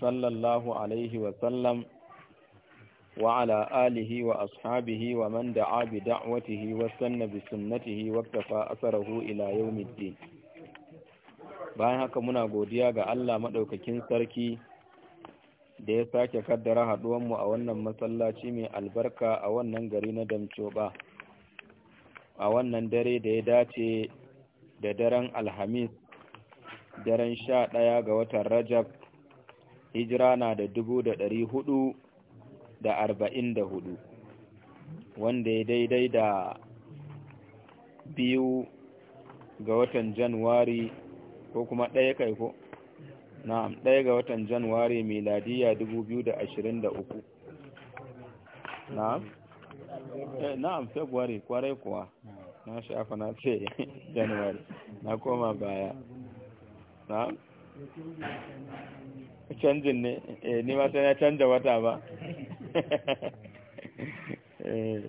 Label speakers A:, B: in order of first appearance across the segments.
A: صلى الله عليه وسلم وعلى آله وأصحابه ومن دعا بدعوته وسن بسنته واكتفى أثره إلى يوم الدين bayan haka muna godiya ga Allah maɗaukakin sarki da ya sake kaddara haɗuwanmu a wannan masallaci mai albarka a wannan gari na damcoba a wannan dare da ya dace da daren alhamis daren sha ɗaya ga watan rajab hijira na da dubu da ɗari hudu da arba'in da hudu wanda ya daidai da biyu ga watan januwari ko kuma ɗaya kai ko na ɗaya ga watan januwari miladiya dubu biyu da ashirin da uku na'am eh, february kwarai kuwa na shafa na ce januwari na koma baya na canjin ne eh, ni ma sai na canja wata ba eh,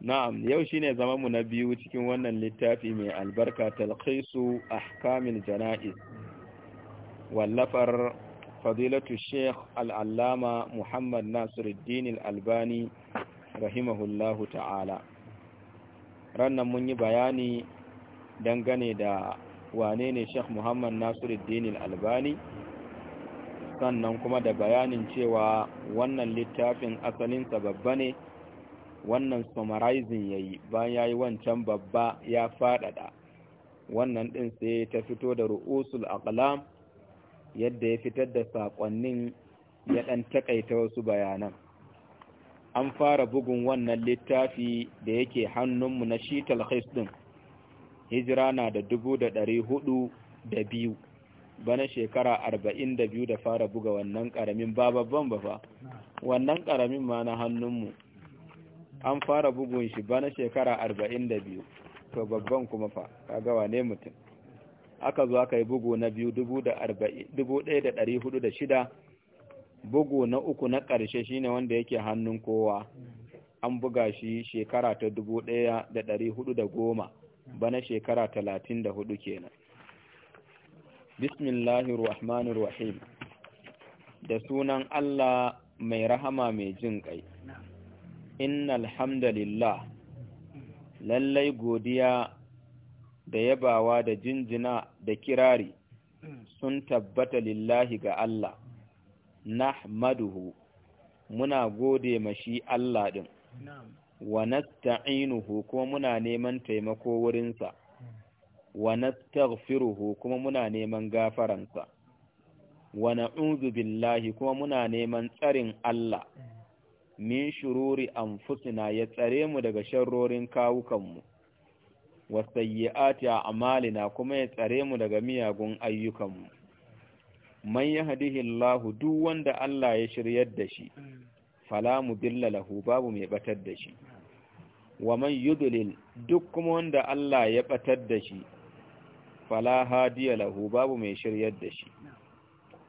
A: na'am yau shine zaman mu na biyu cikin wannan littafi mai albarka talqisu ahkamil jana'iz wallafar fadilatu sheikh al-allama muhammad nasiruddin albani rahimahullahu ta'ala rannan mun yi bayani dangane da wane ne sheikh muhammad nasiruddin albani sannan kuma da bayanin cewa wannan littafin asalinsa babba ne wannan summarizing yayi bayan ya wancan babba ya faɗaɗa wannan ɗin sai ta fito da ru'usul aqlam yadda ya fitar da saƙonnin ya ɗan taƙaita wasu bayanan an fara bugun wannan littafi da yake hannunmu na shital talhis ɗin hijira na da dubu da hudu da biyu bana shekara arba'in da biyu da fara buga wannan ƙaramin ba babban ba fa wannan ƙaramin ma na hannunmu an fara bugun shi bana shekara arba'in da biyu to babban kuma fa kaga wane mutum aka zo aka yi bugu na biyu dubu ɗaya da ɗari hudu da shida bugu na uku na ƙarshe shine wanda yake hannun kowa an buga shi shekara ta dubu ɗaya da ɗari hudu da goma bana shekara talatin da hudu kenan bismillahir rahmanir rahim da sunan Allah mai rahama mai jin ƙai inna alhamdulillah, lallai godiya da yabawa da jinjina da kirari sun tabbata lillahi ga Allah nahmaduhu muna gode mashi Allah din wa nasta'inuhu kuma muna neman taimako wurinsa wa nastaghfiruhu kuma muna neman gafaransa wa na'udhu billahi kuma muna neman tsarin Allah min shururi anfusina ya tsare mu daga sharrorin kawukanmu wa sayyi'ati a'malina kuma ya tsare mu daga miyagun ayyukanmu man yahdihillahu duk wanda Allah ya shiryar da shi fala mudilla lahu babu mai batar da shi wa man yudlil duk kuma wanda Allah ya batar da shi fala hadiya lahu babu mai shiryar da shi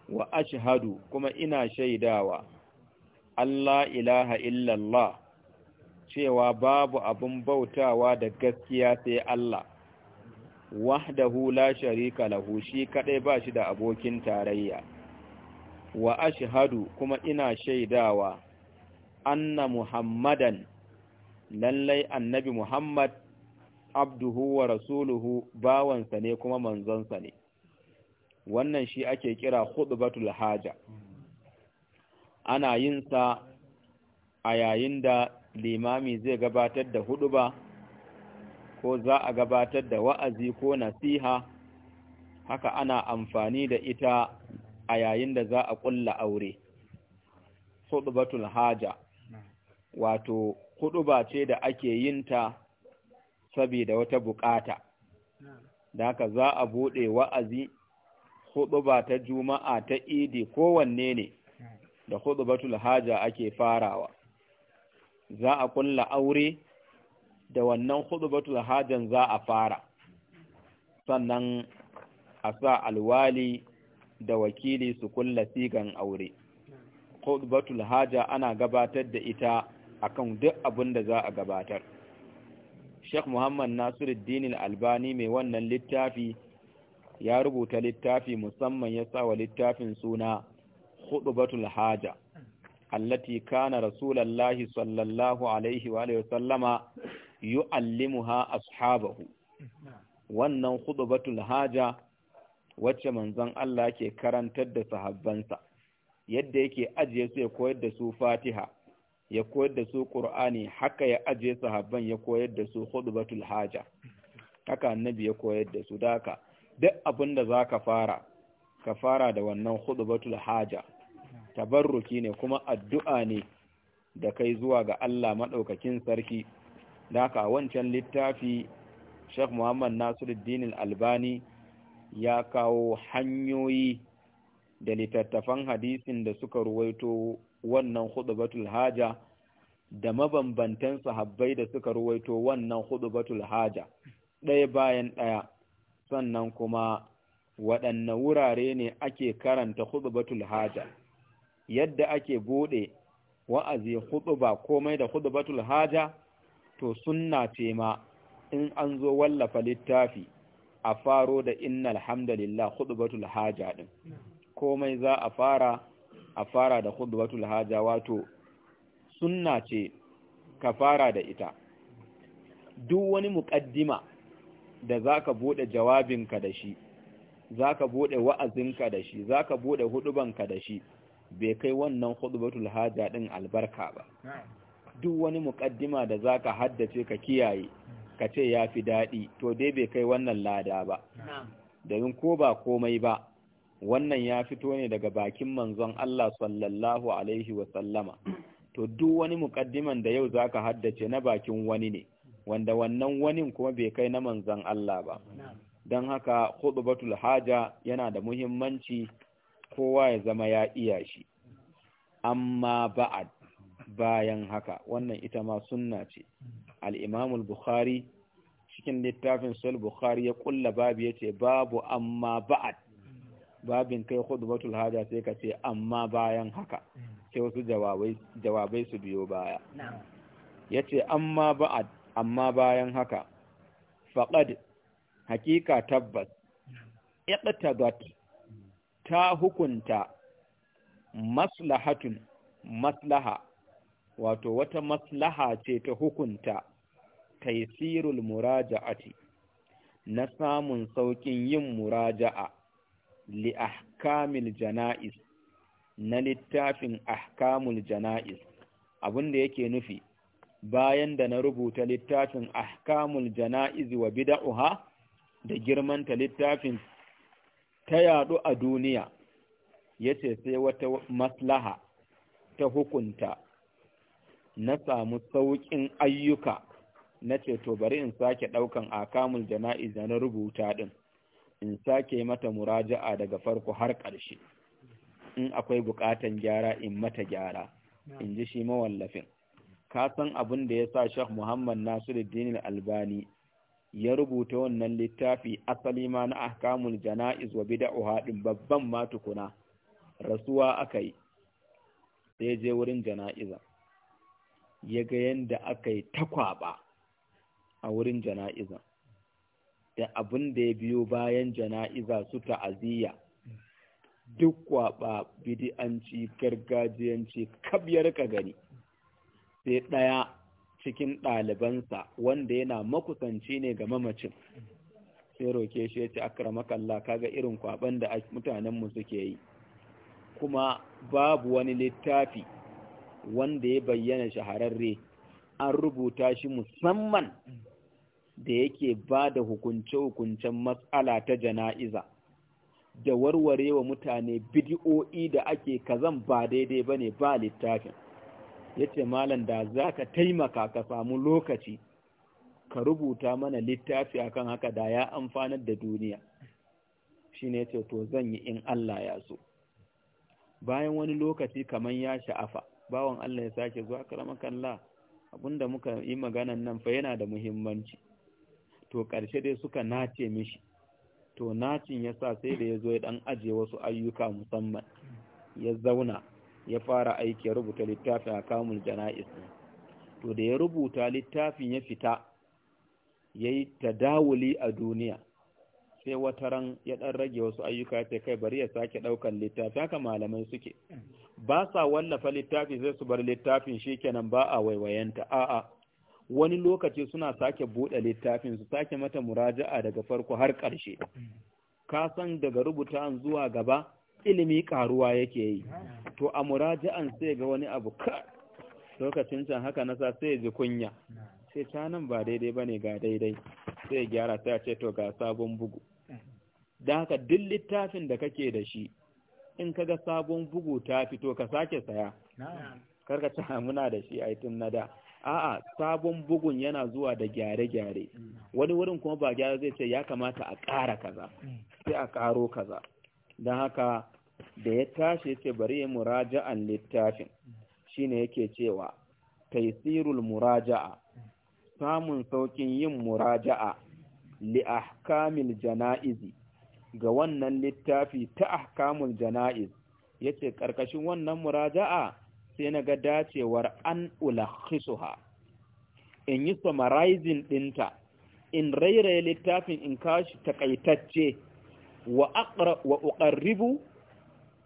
A: wa ashhadu kuma ina shaidawa Allah ilaha illallah cewa babu abin bautawa da gaskiya sai Allah wahdahu la sharika lahu shi kadai ba shi da abokin tarayya wa ashhadu kuma ina shaidawa anna muhammadan lallai annabi muhammad abduhu wa rasuluhu bawansa ne kuma manzonsa ne wannan shi ake kira khutbatul haja ana yin sa a yayin da limami zai gabatar da huduba ko za a gabatar da wa'azi ko nasiha haka ana amfani da ita a yayin da za a kulla aure khutbatul haja wato huduba ce da ake yin ta saboda wata bukata da haka za a buɗe wa'azi huɗuba ta juma'a ta idi kowanne ne da huɗubatul haja ake farawa za a kulla aure da wannan huɗubatul hajan za a fara sannan a sa alwali da wakili su kulla sigan aure huɗubatul haja ana gabatar da ita akan duk abin da za a gabatar Sheikh Muhammad Nasiruddin Albani mai wannan littafi ya rubuta littafi musamman ya sa wa littafin suna Khutbatul Haja allati kana Rasulullahi sallallahu alaihi wa alihi sallama yu'allimuha ashabahu wannan khutbatul haja wacce manzon Allah ke karantar da sahabbansa yadda yake ajiye su ya koyar da su Fatiha ya koyar da su Qur'ani haka ya aje sahabban ya koyar da su khutbatul haja haka annabi ya koyar da su daka duk abin da zaka fara ka fara da wannan khutbatul haja tabarruki ne kuma addu'a ne da kai zuwa ga Allah madaukakin sarki daka wancan littafi Sheikh Muhammad Nasiruddin Albani ya kawo hanyoyi da littattafan hadisin da suka ruwaito wannan khutbatul haja da mabambantan sahabbai da suka ruwaito wannan khutbatul haja ɗaya bayan ɗaya sannan kuma waɗanne wurare ne ake karanta khutbatul haja yadda ake bude wa'azi khutba komai da khutbatul haja to sunna ce ma in an zo wallafa littafi a faro da innal hamdalillah khutbatul haja din komai za a fara a fara da khudwatul haja wato sunna ce ka fara da ita duk wani muƙaddima da zaka bude jawabinka da shi zaka bude wa'azinka da shi zaka bude hudubanka da shi bai kai wannan khudbatul haja din albarka ba duk wani muƙaddima da zaka haddace ka kiyaye ka ce yafi dadi to dai bai kai wannan lada ba domin ko ba komai ba wannan ya fito ne daga bakin manzon Allah sallallahu alaihi wasallama to duk wani muƙaddiman da yau zaka haddace na bakin wani ne wanda wannan wani kuma bai kai na manzon Allah ba dan haka khutbatul haja yana da muhimmanci kowa ya zama ya iya shi amma ba'ad bayan haka wannan ita ma sunna ce al-Imam al-Bukhari cikin littafin Sahih Bukhari ya kulla babu yace babu amma ba'ad babin kai khutbatul haja sai ka ce amma bayan haka sai wasu jawabai jawabai su biyo baya yace amma ba'ad amma bayan haka faqad haqiqa tabbas iqtadat ta hukunta maslahatun maslaha wato wata maslaha ce ta hukunta taysirul muraja'ati na samun saukin yin muraja'a li ahkamil jana'iz na littafin ahkamul jana'iz abin da yake nufi bayan da na rubuta littafin ahkamul jana'iz wa bida'uha da girmanta littafin ta yadu a duniya yace sai wata maslaha ta hukunta na samu sauƙin ayyuka na ce to bari in sake ɗaukan ahkamul jana'iz na rubuta ɗin in sake mata muraja'a daga farko har ƙarshe in akwai buƙatan gyara in mata gyara in ji shi mawallafin ka san abin da ya sa Sheikh Muhammad Nasiruddin Albani ya rubuta wannan littafi asali ma na ahkamul jana'iz wa bid'ah din babban ma tukuna rasuwa akai sai je wurin jana'iza ya ga yanda akai takwaba a wurin jana'iza da abin da ya biyo bayan jana'iza su ta'aziyya duk kwaɓa bidi'anci gargajiyanci kab ka gani sai ɗaya cikin ɗalibansa wanda yana makusanci ne ga mamacin sai roke shi ya ce akramakallah kaga irin kwaɓan da mutanenmu suke yi kuma babu wani littafi wanda ya bayyana shahararre an rubuta shi musamman da yake ba da hukunce-hukuncen matsala ta jana'iza, da warware wa mutane bidi'o'i da ake kazan ba daidai ba ne ba littafin. Ya ce, Malam da za ka taimaka ka samu lokaci, ka rubuta mana littafi akan haka da ya amfanar da duniya. Shi ne ce, To zan yi in Allah ya so. Bayan wani lokaci kamar ya sha'afa, bawan Allah ya sake zuwa karamakalla abinda muka yi maganan nan fa yana da muhimmanci. to ƙarshe dai suka nace mishi to nacin ya sa sai da ya zo ya ɗan aje wasu ayyuka musamman ya zauna ya fara aiki ya rubuta littafin a kamun jana'is to da ya rubuta littafin ya fita ya yi ta dawuli a duniya sai wata ran ya ɗan rage wasu ayyuka ce kai bari ya sake ɗaukan littafi haka malamai suke ba sa wallafa littafin sai su bar littafin shi kenan ba a waiwayenta a'a wani lokaci suna sake buɗe littafin su sake mata muraja'a daga farko har ƙarshe ka san daga rubuta zuwa gaba ilimi karuwa yake yi to a muraja'an sai ga wani abu ka lokacin can haka nasa sai ji kunya sai nan ba daidai bane ga daidai sai gyara sai ce to ga sabon bugu da haka duk littafin da kake da shi in kaga sabon bugu ta fito ka sake saya karka ta muna da shi a tun na da a'a sabon bugun yana zuwa da gyare-gyare wani wurin kuma ba gyara zai ce ya kamata a ƙara kaza sai a ƙaro kaza don haka da ya tashi ce bari ya muraja'an littafin shine yake cewa taisirul muraja'a samun saukin yin muraja'a li ahkamil jana'izi ga wannan littafi ta ahkamul jana'iz yace karkashin wannan muraja'a sai na ga dacewar an ulakhisuha in yi summarizing ɗinta in rairaye littafin in kashi takaitacce wa uqarribu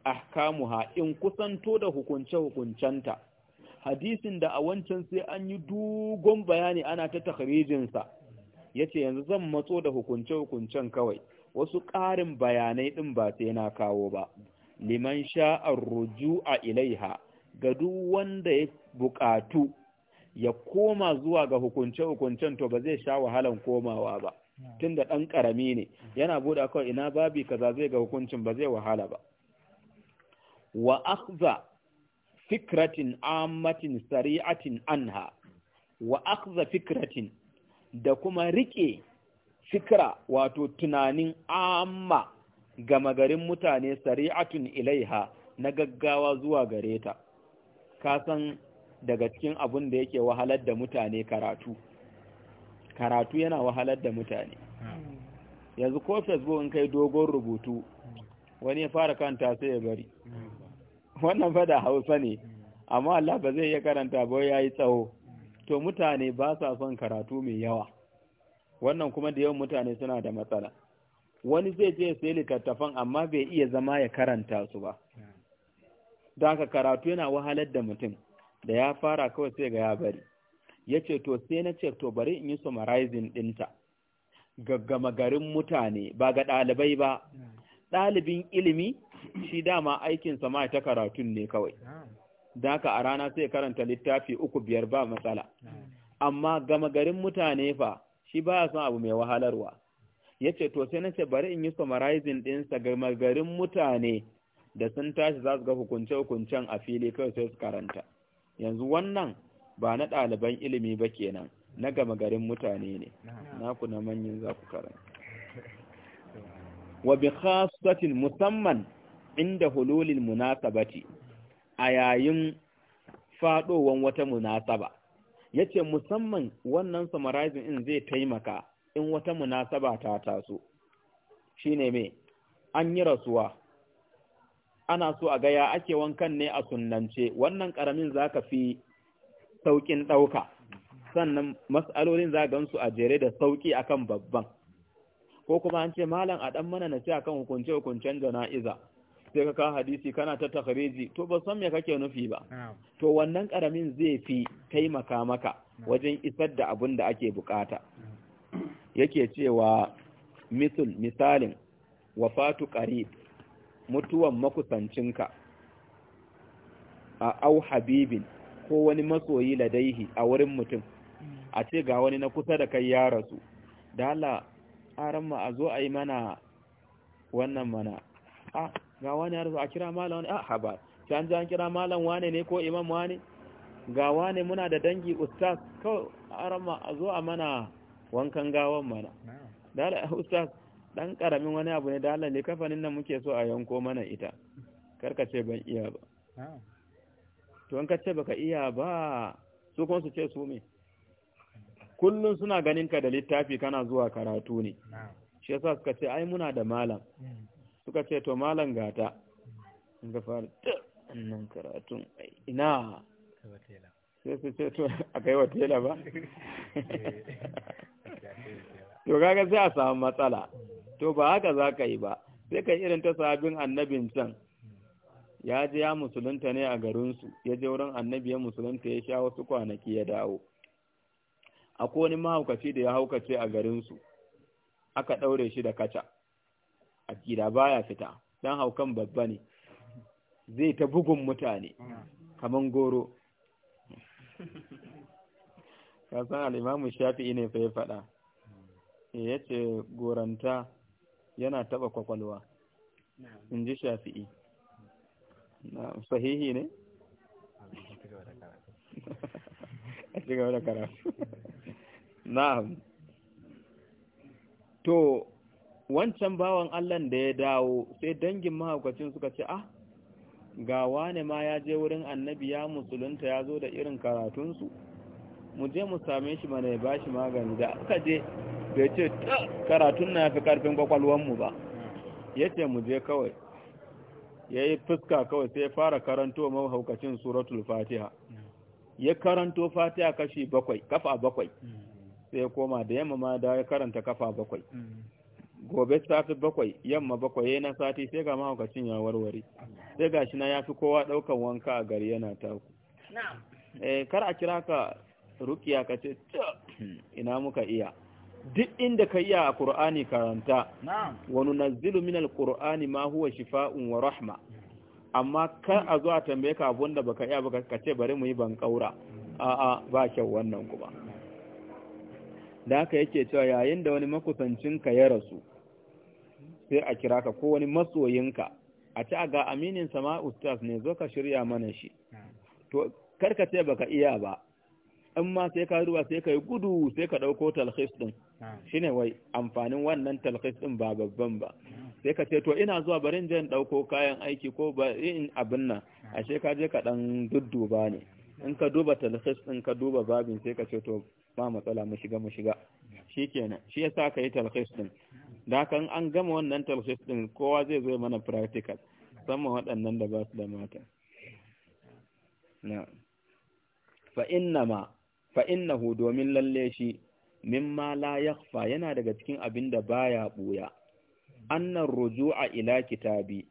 A: ahkamuha in kusanto da hukunce-hukuncenta hadisin da a wancan sai an yi dogon bayani ana ta takrijinsa, yace yace yanzu zan matso da hukunce-hukuncen kawai wasu ƙarin bayanai ɗin ba sai na kawo ba liman sha'ar ruju'a ilaiha ga duk wanda ya buƙatu ya koma zuwa ga hukunce-hukuncen to ba zai sha wahalan komawa ba tun da ɗan ƙarami ne mm. yana buɗe kawai ina babi kaza zai ga hukuncin ba zai wahala ba wa akhza fikratin ammatin sari'atin anha wa akhza fikratin da kuma rike fikra wato tunanin amma gama garin mutane sari'atun ilaiha na gaggawa zuwa gareta. ka san daga cikin abin da yake wahalar da mutane karatu karatu yana wahalar da mutane yanzu ko facebook in kai dogon rubutu wani ya fara kanta sai ya bari wannan fada hausa ne amma Allah ba zai iya karanta ba ya yi tsawo to mutane ba sa son karatu mai yawa wannan kuma da yawan mutane suna da matsala wani zai je sai littattafan amma bai iya zama ya karanta su ba da haka karatu yana wahalar da mutum da ya fara kawai sai ga ya bari ya ce to sai na ce to bari in yi summarizing ɗinta gaggama garin mutane ba ga ɗalibai ba ɗalibin ilimi shi dama aikinsa ma ta karatun ne kawai da haka a rana sai karanta littafi uku biyar ba matsala amma gama garin mutane fa shi ba ya son abu mai wahalarwa ya ce to sai na ce bari in yi summarizing ɗinsa gama garin mutane da sun tashi za su ga hukunce-hukuncen a fili kawai sai su karanta yanzu wannan ba na ɗaliban ilimi ba kenan na gama garin mutane ne ku na manyan za ku karanta wa bi khasatin musamman inda hululil munasabati a yayin fadowan wata munasaba yace musamman wannan summarizing in zai taimaka in wata munasaba ta taso shine me an yi rasuwa ana so a ga ya ake wankan ne a sunnance wannan karamin zaka fi saukin ɗauka sannan mas'alolin za gan su a jere da sauki akan babban ko kuma an ce malam a dan mana nace akan hukunce hukuncen jana'iza sai ka ka hadisi kana ta takhriji to ba san me kake nufi ba to wannan karamin zai fi taimaka maka wajen isar da abin da ake bukata yake cewa misal misalin wafatu qarib mutuwan makusancinka a au habibin ko wani masoyi ladaihi a wurin mutum a ce ga wani na kusa da kai ya rasu da Allah aran ma a zo a yi mana wannan mana a ga wani ya rasu a kira malam wani a haba can jan kira malam wane ne ko imam wane ga wane muna da dangi ustaz kawai ran ma a zo a mana wankan gawan mana da Allah ustaz dan karamin wani abu ne da Allah ne kafanin nan muke so a yanko mana ita karka ce ban iya ba to an kace baka iya ba su kuma su ce su me kullun suna ganin ka da littafi kana zuwa karatu ne shi yasa suka ce ai muna da malam hmm. suka ce to malam gata in ga hmm. fara annan karatun ina sai su ce to a kai wa tela ba eh, to kaga sai a samu matsala hmm. to ba haka za ka yi ba sai ka irin ta sabin annabin can ya je ya musulunta ne a garinsu ya je wurin annabi ya musulunta ya sha wasu kwanaki ya dawo A wani mahaukaci da ya haukace a garinsu aka ɗaure shi da kaca a gida baya fita don haukan babba ne zai ta bugun mutane kamar goro kasan al'imamu shafi'i ne fa ya faɗa ya ce goranta yana taba kwakwalwa in ji shafi'i na sahihi ne? a cigaba da karatu Na. to wancan bawan allan da ya dawo sai dangin mahaukacin suka ce ah ga wane ma ya je wurin annabi ya musulunta ya zo da irin karatunsu mu je mu same shi mana ya ba shi magani da aka je bai ce karatun na fi karfin kwakwalwanmu ba ya ce mu je kawai ya yi fuska kawai sai fara karanto mahaukacin suratul fatiha ya karanto fatiha kashi bakwai kafa bakwai sai koma da yamma ma da ya karanta kafa bakwai gobe sati bakwai yamma bakwai ya na sati sai ga mahaukacin ya warware sai ga shi na ya fi kowa ɗaukan wanka a gari yana taku eh, kar a kira ka rukiya ka ce ina muka iya duk inda ka iya a ƙur'ani karanta wani nazilu min minal Kur'ani ma huwa shifa'un wa rahma amma kar a zuwa tambaye ka abun da baka iya baka kace bari mu yi ban ƙaura. a'a ba kyau wannan kuma da haka yake cewa yayin da wani makusancinka ya rasu sai a kira ka ko wani masoyinka a ci a ga aminin sama ne zo ka shirya mana shi to kar ka ce baka iya ba in ma sai ka duba sai ka yi gudu sai ka ɗauko talhis ɗin shi ne wai amfanin wannan talhis ɗin ba babban ba sai ka ce to ina zuwa barin jan ɗauko kayan aiki ko ba in abin nan sai ka je ka ɗan dudduba ne in ka duba talhis ɗin ka duba babin sai ka ce to ba matsala mu shiga mu shiga shi kenan shi ya sa ka yi talhis ɗin da kan an gama wannan talhis ɗin kowa zai zo mana practical musamman waɗannan da ba su da mata na fa innama ma fa innahu domin lalle shi ma la yana daga cikin abin da baya nan annar ruju'a ila kitabi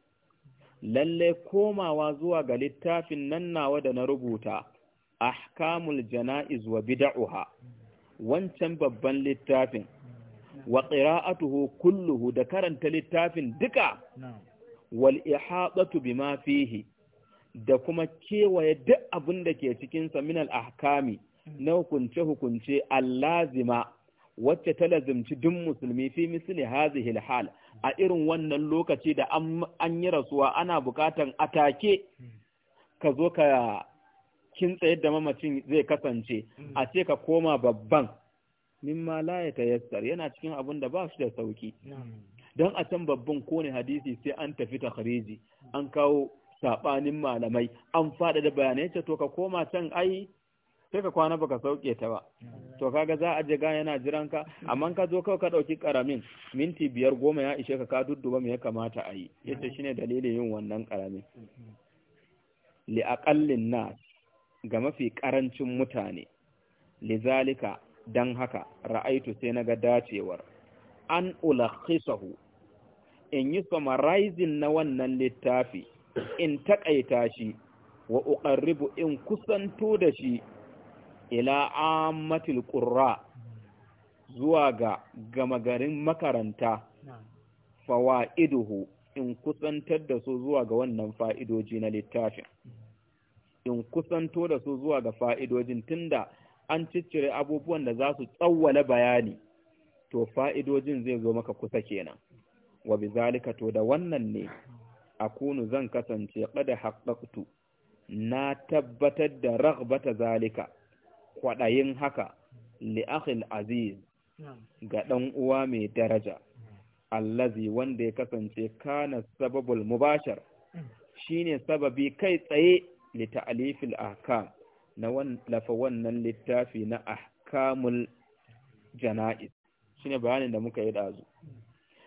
A: lalle komawa zuwa ga littafin nan nawa da na rubuta ahkamul jana'iz wa bid'uha wancan babban littafin wa qira'atuhu kulluhu da karanta littafin duka wal ihadatu bima fihi da kuma kewaye duk abin da ke cikin sa min al ahkami na hukunce-hukunce allazima wacce ta lazimci duk musulmi fi misli hazihil hal a irin wannan lokaci da an yi rasuwa ana bukatan atake ka zo ka kintsa yadda mamacin zai kasance a ce ka koma babban mimma laye ya tayassar yana cikin abin da ba shi da sauki don a can babban ko ne hadisi sai an tafi ta an kawo saɓanin malamai an da bayanai ce to ka koma can ai sai ka kwana baka sauke ta ba to kaga za a jiga yana jiran ka amma ka zo kawai ka dauki karamin minti biyar goma ya ishe ka ka dudduba me ya kamata a yi yace shine dalilin yin wannan karamin li aqallin nas ga mafi karancin mutane li zalika dan haka ra'aitu sai naga dacewar an ulakhisahu in yi summarizing na wannan littafi in takaita shi wa uqarribu in kusanto da shi ila ammatil qurra zuwa ga gama garin makaranta fawa'iduhu in kusantar da su zuwa ga wannan fa'idoji na littafin in kusanto da su zuwa ga fa'idojin tunda an ciccire abubuwan da za su tsawwala bayani to fa'idojin zai zo maka kusa kenan wa bizalika to da wannan ne a Kunu zan kasance kada haqqaqtu na tabbatar da ragbata zalika kwaɗayin haka li'akhil aziz ga ɗan uwa mai daraja allazi wanda ya kasance kana sababul mubashar shine sababi kai tsaye li ta'lifil ahkam na lafa wannan littafi na ahkamul jana'iz shine bayanin da muka yi dazu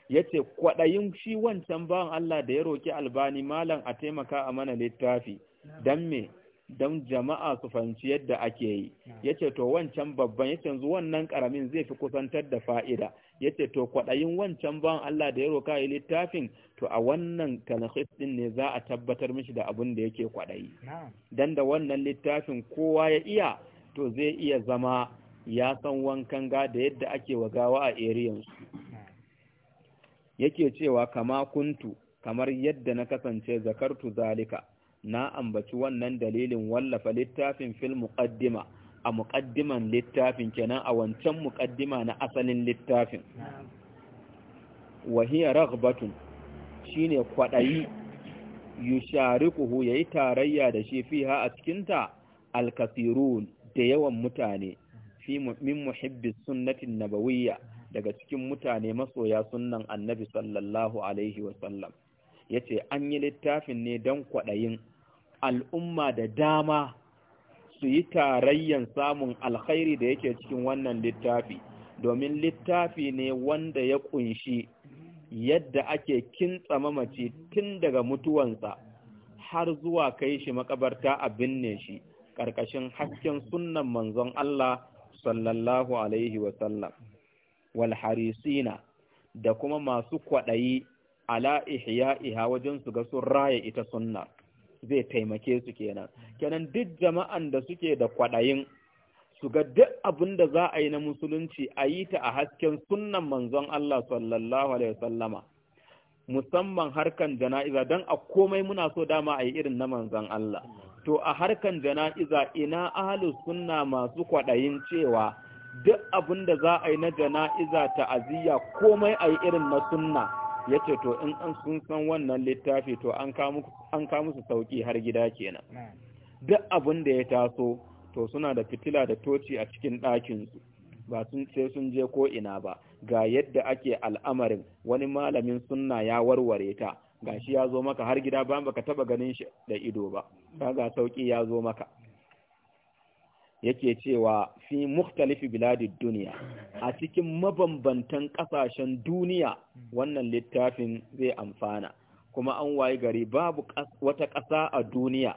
A: yace kwadayin shi wancan bawan Allah da ya roki albani malam a taimaka a mana littafi dan me don jama'a su fahimci yadda ake yi yace to wancan babban yace yanzu wannan karamin zai fi kusantar da fa'ida yace to kwaɗayin wancan ban Allah da ya roka yi littafin to a wannan talhis din ne za a tabbatar mishi da abin da yake kwaɗayi, dan da wannan littafin kowa ya iya to zai iya zama ya san wankan ga da yadda ake wagawa a area su yake cewa kama kuntu kamar yadda na kasance zakartu zalika na ambaci wannan dalilin wallafa littafin fil muqaddima a muqaddiman littafin kenan a wancan muqaddima na asalin littafin wahiya raghbatun shine kwadayi yusharikuhu yayi tarayya da shi fiha a cikin ta alkasirun da yawan mutane fi min muhibbi sunnati nabawiyya daga cikin mutane masoya sunnan annabi sallallahu alaihi wa ya ce an yi littafin ne don kwaɗayin al'umma da dama su yi tarayyan samun alkhairi da yake cikin wannan littafi domin littafi ne wanda ya kunshi yadda ake kintsa mamaci tun daga mutuwansa har zuwa kai shi makabarta a binne shi ƙarƙashin hasken sunan manzon Allah sallallahu alaihi wasallam walharisina da kuma masu kwaɗayi ala ihya iha wajen su ga sun raya ita sunna zai taimake su kenan kenan duk jama'an da suke da kwaɗayin su ga duk abin da za a yi na musulunci a yi ta a hasken sunnan manzon Allah sallallahu alaihi wasallama musamman harkan jana'iza don a komai muna so dama a yi irin na manzon Allah to a harkan jana'iza ina ahlu sunna masu kwaɗayin cewa duk abin da za a yi na jana'iza ta'aziyya komai a yi irin na sunna ya ce to in an sun san wannan littafi to an ka musu sauki har gida kenan duk abin da ya taso to suna da fitila da toci a cikin ɗakinsu ba sun ce sun je ko ina ba ga yadda ake al'amarin wani malamin sunna ya warware ta gashi ya zo maka har gida ba baka taba ganin shi da ido ba ga sauki ya zo maka yake cewa fi mukhtalifi biladi duniya a cikin mabambantan kasashen duniya wannan littafin zai amfana kuma an wayi gari babu wata ƙasa a duniya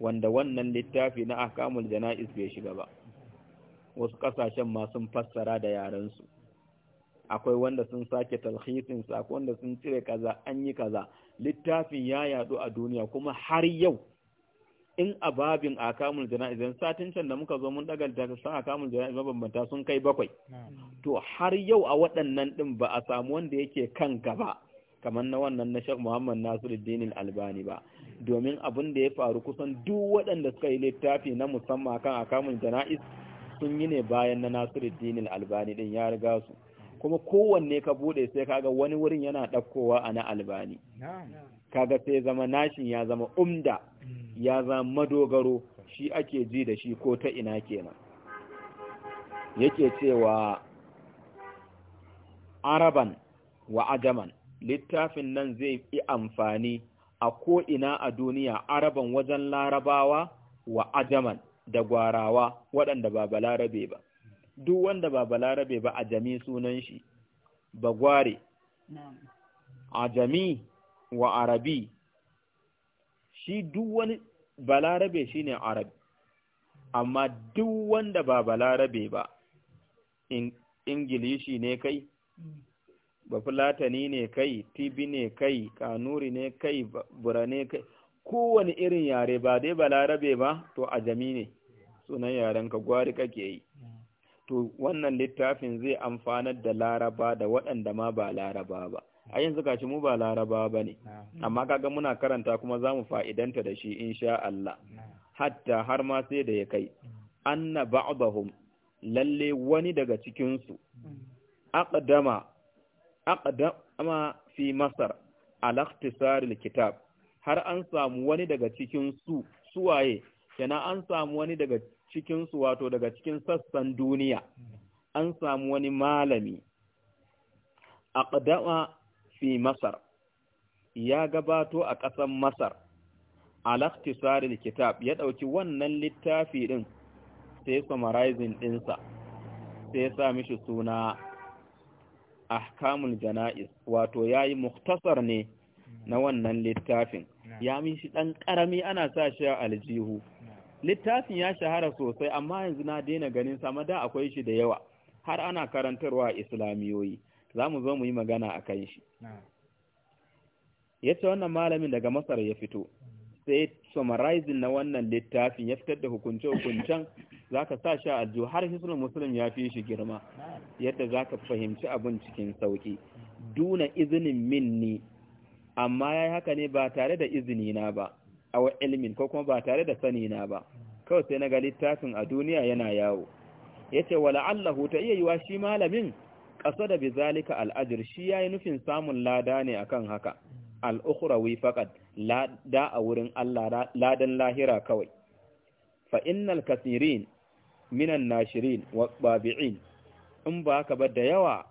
A: wanda wannan littafi na akamul jana'iz bai shiga ba wasu ƙasashen ma sun fassara da yarensu akwai wanda sun sake talhisin sa wanda sun cire kaza an yi kaza littafin ya yadu a duniya kuma har yau in a babin jana'iz jana'izan satin can da muka zo mun dagalta ta san akamul jana'izan mabambanta sun kai bakwai to har yau a waɗannan din ba a samu wanda yake kan gaba kamar na wannan na Sheikh Muhammad Nasiru dinin albani ba domin abin da ya faru kusan duk waɗanda suka yi littafi na musamman kan kamun jana'iz sun yi ne bayan na Nasiru dinin albani ɗin ya riga su kuma kowanne ka bude sai ka ga wani wurin yana ɗaukowa a na Albani kaga sai zama nashin ya zama umda hmm. ya zama madogaro shi ake ji da shi ko ta ina kenan yake cewa araban wa ajaman littafin nan zai yi amfani a ko ina a duniya araban wajen larabawa wa ajaman da gwarawa waɗanda ba balarabe ba duk wanda ba balarabe ba ajami sunan shi ba gware ajami wa arabi shi duk wani balarabe shine arab amma duk wanda ba balarabe ba ingilishi ne kai fulatani ne kai tibi ne kai kanuri ne kai bura ne kai kowane irin yare ba dai balarabe ba to ajami ne sunan yaren ka gwari kake yi to wannan littafin zai amfanar da laraba da waɗanda ma ba laraba ba a yanzu gashi mu ba laraba ba ne amma kaga muna karanta kuma za mu fa'idanta da shi in sha Allah hatta har ma sai da ya kai mm. an na ba’abahun lalle wani daga cikinsu mm. aqdama fi masar ala kitab har an samu wani daga cikin suwaye kenan an samu wani daga cikinsu wato daga cikin sassan duniya mm. an samu wani malami aqdama fi Masar, ya gabato a ƙasan Masar, alaktisarin kitab ya ɗauki wannan littafi ɗin sai summarizing ɗinsa, sai sa mishi suna ahkamul jana'iz, wato ya yi muktasar ne na wannan littafin, ya mishi ɗan ƙarami ana sa shi a aljihu. Littafin ya shahara sosai, amma yanzu na daina ganin sama da akwai shi da yawa, har ana karantarwa Islamiyoyi. za mu zo mu yi magana a kan shi ya ce wannan malamin daga masar ya fito sai summarizing na wannan littafin ya fitar da hukunce-hukuncen za ka sa shi a aljihu har hisulun musulun ya fi shi girma yadda za ka fahimci abin cikin sauƙi duna izinin min ni. amma ya yi haka ne ba tare da izini na ba a wa ilmin ko kuma ba tare da sani na ba kawai sai na ga littafin a duniya yana yawo ya ce wala wala'allahu ta iya yiwa shi malamin ƙasa da bizalika al'ajir shi ya yi nufin samun lada ne akan haka al'ukurawi faƙad lada a wurin Allah ladan lahira kawai fa'innal kasirin minan nashirin wa babi'in in ba ka ba da yawa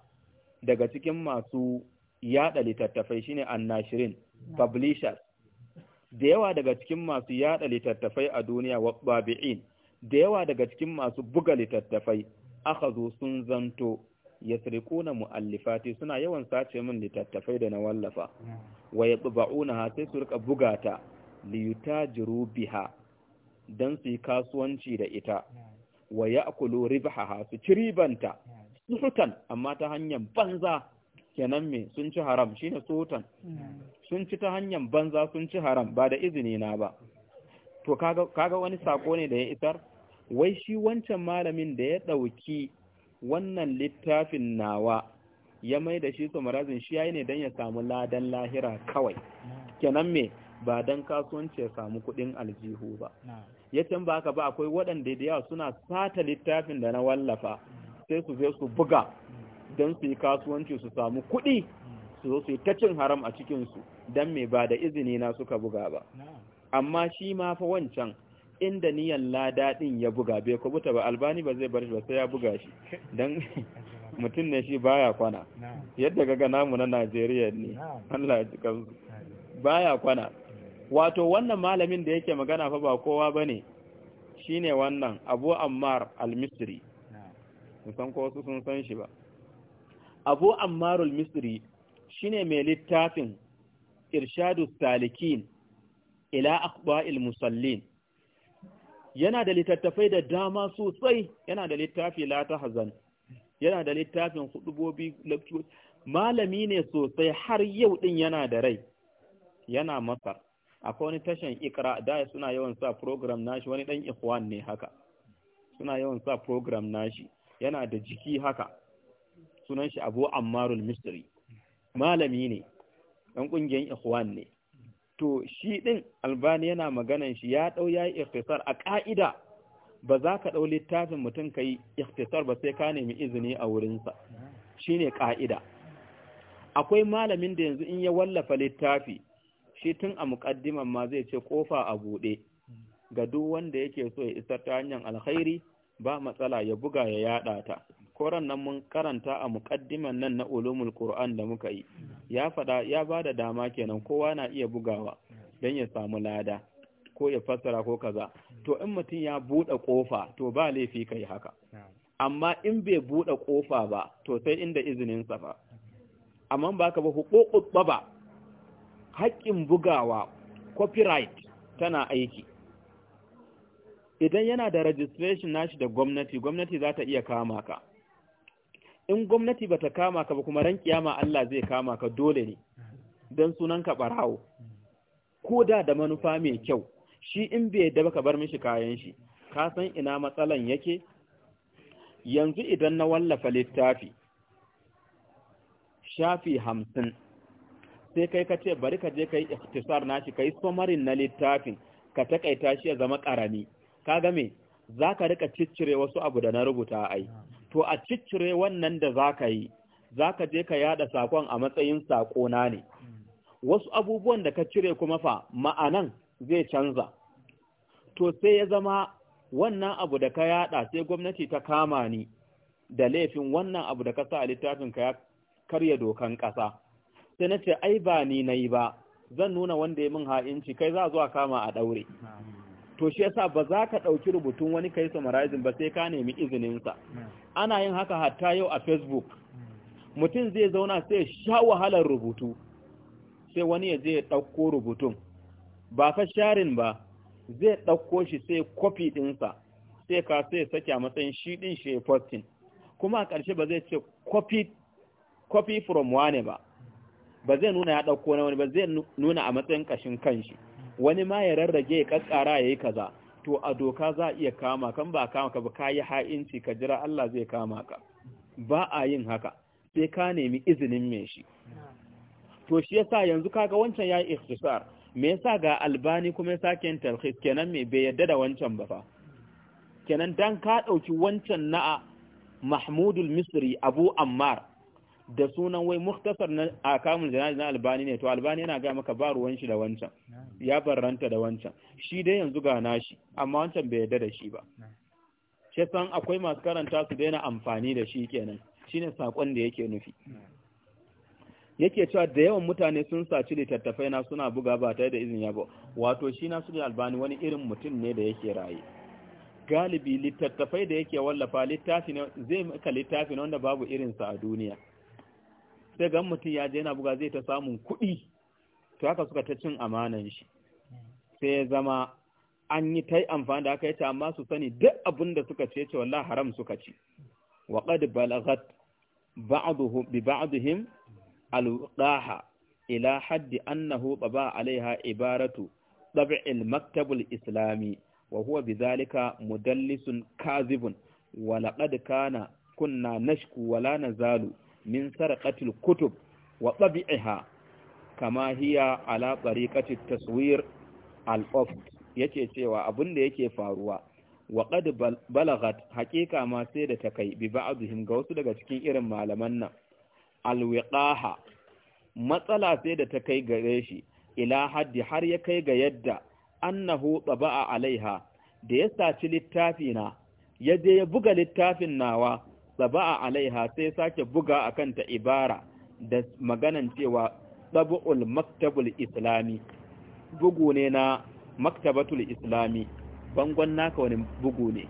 A: daga cikin masu yada littattafai shine nashirin publishers da yawa daga cikin masu yada littattafai a duniya wa babi'in da yawa daga cikin masu buga litattafai aka zo sun zanto yasriquna muallifati suna yawan sace min littattafai da na wallafa hmm. wa yatba'unaha sai su rika bugata liyuta biha dan su yi kasuwanci da ita hmm. wa ya'kulu ribaha su ci ribanta hmm. suhutan amma ta hanyar banza kenan me sun ci haram shine suhutan sun ci ta hanyar banza sun ci haram ba da izini na ba to kaga wani sako ne da ya isar wai shi wancan malamin da ya ɗauki? wannan littafin nawa ya mai da shi samarazin shi ya yi ne don ya samu ladan lahira kawai kenan me ba don kasuwanci ya samu kuɗin aljihu ba ya can ba ba akwai waɗanda da yawa suna sata littafin da na wallafa sai su je su buga don su yi kasuwanci su samu kuɗi su zo su yi ta cin haram a cikinsu don me ba da izini na suka buga ba amma shi ma fa wancan inda niyan lada din ya buga bai kubuta ba albani ba zai bar shi ba sai ya buga shi dan mutum ne shi baya kwana yadda gaga namu na Najeriya ne Allah ya jika su baya kwana wato wannan malamin da yake magana fa ba kowa bane shine wannan Abu Ammar al-Misri san ko wasu sun san shi ba Abu Ammar al-Misri shine mai littafin Irshadu Salikin ila akhba'il musallin yana da littattafai da dama sosai yana da littafi la ta hazan yana da littafin hudubobi malami ne sosai har yau din yana da rai yana masar akwai wani tashan ikra da suna yawan sa program nashi wani dan ikhwan ne haka suna yawan sa program nashi yana da jiki haka sunan shi abu ammarul misri malami ne dan kungiyar ikhwan ne to shi ɗin albani yana maganan shi ya ɗau ya yi ikhtisar a ƙa'ida ba za ka ɗau littafin mutum ka yi ikhtisar ba sai ka nemi izini a wurinsa shi ne ƙa'ida akwai malamin da yanzu in ya wallafa littafi shi tun a muƙaddiman ma zai ce ƙofa a buɗe ga duk wanda yake so ya isar ta hanyar alkhairi ba matsala ya buga ya yada ta koran nan mun karanta a muƙaddiman nan na ulumul qur'an da muka yi ya fada ya bada dama kenan kowa na iya bugawa dan ya samu lada ko ya fassara ko kaza to in mutum ya buɗe kofa to ba laifi kai haka amma in bai buɗe kofa ba to sai inda izinin sa ba amma ba ka ba huququl ba haƙƙin bugawa copyright tana aiki idan yana da registration nashi da gwamnati gwamnati za ta iya kama ka in gwamnati ba ta kama ka ba kuma ran kiyama Allah zai kama ka dole ne don sunanka barawo ko da da manufa mai kyau shi in bai yadda ka bar mishi kayan shi ka san ina matsalan yake yanzu idan na wallafa littafi shafi hamsin sai kai ka ce bari ka je ka yi nashi kai yi na littafin ka takaita shi ya zama karami Ka ga me za ka rika ciccire wasu abu da na rubuta ai to a ciccire wannan da za ka yi za ka je ka yada sakon a matsayin sako na ne wasu abubuwan da ka cire kuma fa ma'anan zai canza to sai ya zama wannan abu da ka yada sai gwamnati ta kama ni da laifin wannan abu da ka sa littafin ka ya karya dokan ƙasa sai na ce ai ba ni nayi ba zan nuna wanda ya min ha'inci kai za zuwa kama a daure to shi yasa ba za ka ɗauki rubutun wani kai summarizing ba sai ka nemi izininsa ana yin haka hatta yau a facebook mutum zai zauna sai sha wahalar rubutu sai wani ya zai ɗauko rubutun ba fa sharin ba zai ɗauko shi sai kofi ɗinsa sai ka sai sake a matsayin shi ɗin shi posting kuma a ƙarshe ba zai ce copy from wane ba ba zai nuna ya ɗauko na wani ba zai nuna a matsayin ƙashin kanshi wani ma ya rarrage ya kaskara yi kaza to a doka za a iya kama kan ba kama ka ba yi ha'inci ka jira Allah zai kama ka ba a yin haka sai ka nemi izinin mai shi to shi yasa yanzu kaga wancan yayi ikhtisar me yasa ga albani kuma ya sake yin talhis kenan me bai yadda da wancan ba fa kenan dan ka dauki wancan na'a mahmudul misri abu ammar da sunan wai muktasar na akamun zinari na albani ne to albani yana gaya maka ba ruwan shi da wancan ya barranta da wancan shi dai yanzu ga nashi amma wancan bai yarda da shi ba shi san akwai masu karanta su daina amfani da shi kenan shine sakon da yake nufi yake cewa da yawan mutane sun saci littattafai na suna buga ba tare da izini ya ba wato shi na su albani wani irin mutum ne da yake raye galibi littattafai da yake wallafa littafi ne zai maka littafi wanda babu irinsa a duniya sai ga mutum ya je yana buga zai ta samun kuɗi to haka suka ta cin amanan shi sai ya zama an yi ta amfani da aka yace amma su sani duk abin da suka ce ce wallahi haram suka ci wa qad balaghat ba'dhum bi ba'dihim al-qaha ila haddi annahu baba alaiha ibaratu tab'il maktabul islami wa huwa bidhalika mudallisun kazibun wa laqad kana kunna nashku wa la nazalu min sarqatil kutub wa tabi'iha kama hiya ala tariqati taswir al-ofd yake cewa abin da yake faruwa wa qad balagat haƙiƙa ma sai da takai bi ba'dihim ga wasu daga cikin irin malaman nan al matsala sai da kai gare shi ila haddi har ya kai ga yadda annahu taba'a alaiha da ya saci littafi na ya je ya buga littafin nawa Saba'a alaiha sai sake buga a kanta ibara da maganan cewa tsabu'ul maktabul islami bugu ne na maktabatul islami bangon naka wani bugu ne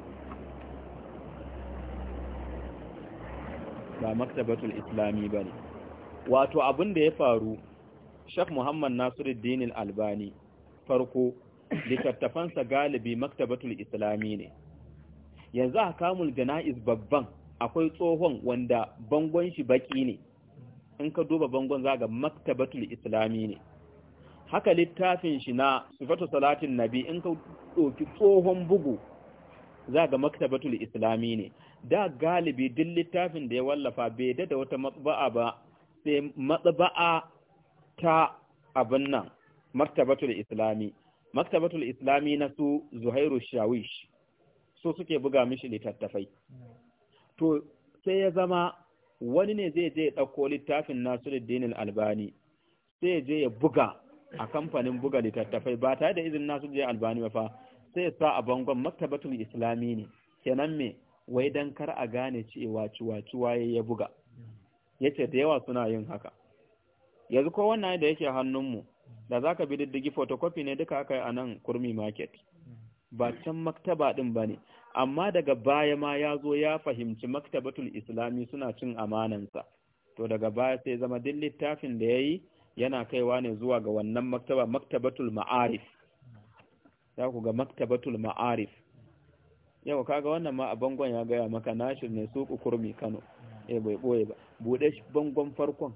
A: ba maktabatul islami ba ne wato abin da ya faru shaf muhammad nasiruddin albani farko littattafansa galibi maktabatul islami ne yanzu a kamul jana'iz babban akwai tsohon wanda bangon shi baki ne in ka duba bangon zaga maktabatul islami ne haka littafin shi na sifatu salatin nabi in ka ɗauki tsohon bugu zaga maktabatul islami ne da galibi duk littafin da ya wallafa bai da wata matsaba'a ba sai matsaba'a ta abin nan maktabatul islami maktabatul islami na su zuhairu shawish su suke buga mishi littattafai to sai ya zama wani ne zai je ya ɗauko littafin Nasiruddin Albani sai je ya buga a kamfanin buga littattafai ba tare da izinin Nasiruddin Albani ba fa sai ya sa a bangon maktabatul islami ne kenan me wai dan kar a gane cewa ciwa ya buga yace da yawa suna yin haka yanzu ko wannan da yake mu da zaka bi diddigi photocopy ne duka aka yi a nan kurmi market ba can maktaba din bane amma daga baya ma ya zo ya fahimci maktabatul islami suna cin amanansa to daga baya sai zama duk littafin da ya yi yana kaiwa ne zuwa ga wannan maktaba maktabatul ma'arif ya ku ga maktabatul ma'arif yau kaga wannan ma a bangon ya gaya maka nashir ne su kurmi kano eh bai boye ba bude bangon farkon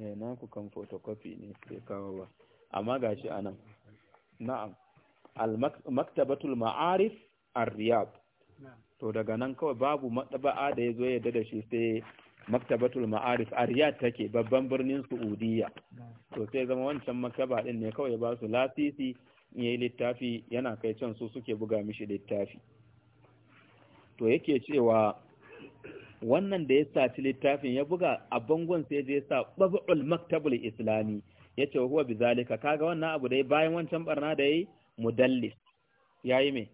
A: eh na ku kan photocopy ne sai kawo ba amma gashi anan na'am al-maktabatul ma'arif ar-riyab to daga nan kawai babu matsaba'a da ya zo yadda da shi sai maktabatul ma'arif a riyad take babban birnin su'udiyya to sai zama wancan maktaba din ne kawai ba su lasisi in yi littafi yana kai can su suke buga mishi littafi to yake cewa wannan da ya saci littafin ya buga a bangon sai ya sa babul maktabul islami yace huwa bizalika kaga wannan abu da bayan wancan barna da yayi mudallis ya yi mai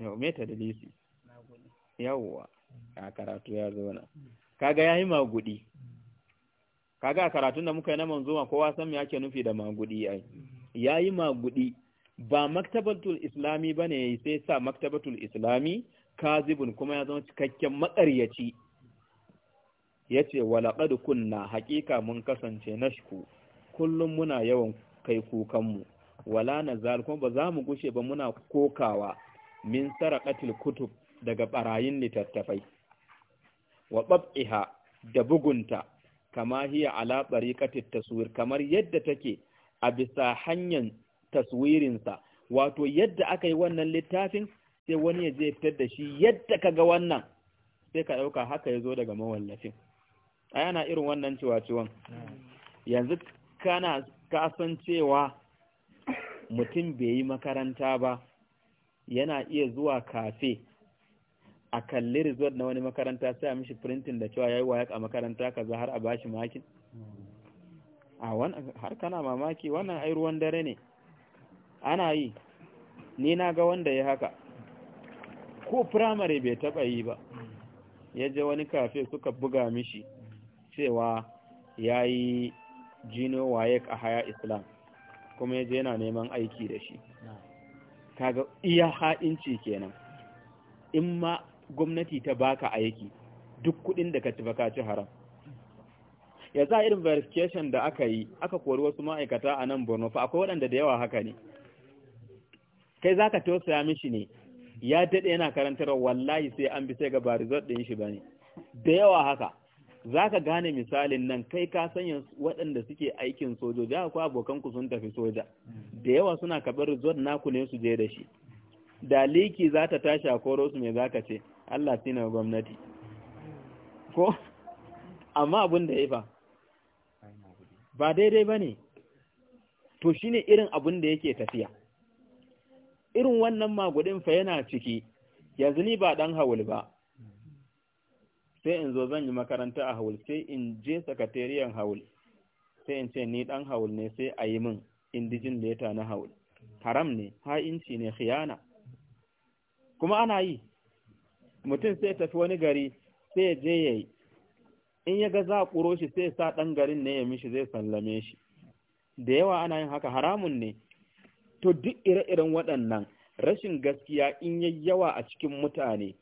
A: yau meta da yawwa a karatu ya zo na kaga ya yi magudi kaga a karatun da muka yi na manzuma kowa san me ake nufi da magudi ya yi ya yi magudi ba maktabatul islami ba ne sai sa maktabatul islami kazibun kuma ya zama cikakken makaryaci ya ce walaƙad kunna hakika mun kasance na shku kullum muna yawan kai kukanmu wala zal kuma ba za mu gushe ba muna kokawa min saraqatil kutub daga ɓarayin littattafai wa bab'iha da bugunta kama hiya ala bariqatit taswir kamar yadda take a bisa hanyar taswirinsa wato yadda aka yi wannan littafin sai wani ya je fitar da shi yadda ka ga wannan sai ka ɗauka haka ya zo daga mawallafin a yana irin wannan ciwa-ciwon hmm. yanzu kana san cewa mutum bai yi makaranta ba yana iya zuwa kafe a kalli rizot na wani makaranta sai a mishi printing da cewa yayi wayak a makaranta kaza har a bashi makin a wannan har kana mamaki wannan ai ruwan dare ne ana yi ni na ga wanda ya haka ko primary bai taba yi ba ya je wani kafe suka buga mishi cewa yayi jino wayek a haya islam kuma ya je yana neman aiki da shi kaga iya ha'inci kenan in ma gwamnati ta baka aiki duk kuɗin da ka ci baka ci haram ya za irin verification da aka yi aka kori wasu ma'aikata a nan borno fa akwai waɗanda da yawa haka ne kai za ka tausaya mishi ne ya daɗe yana karantarwa wallahi sai an bi sai ga ba result ɗin shi ba ne da yawa haka za ka gane misalin nan kai ka sanya waɗanda suke aikin sojoji akwai abokanku sun tafi soja da yawa suna kabar zuwa naku ne su je da shi da liki za ta tashi a koro su mai za ka ce Allah na gwamnati ko amma abin da ya fa ba daidai ba ne to shi ne irin abin da yake tafiya irin wannan magudin fa yana ciki yanzu ni ba ɗan hawul ba sai in zo zan yi makaranta a haul sai in je sakatariyan haul sai in ce ni dan haul ne sai a yi min indijin leta na haul haram ne ha'inci ne khiyana kuma ana yi mutum sai tafi wani gari sai ya je yayi in ya ga za a kuro shi sai sa ɗan garin ne ya mishi zai sallame shi da yawa ana yin haka haramun ne to duk ire-iren waɗannan rashin gaskiya in yayi yawa a cikin mutane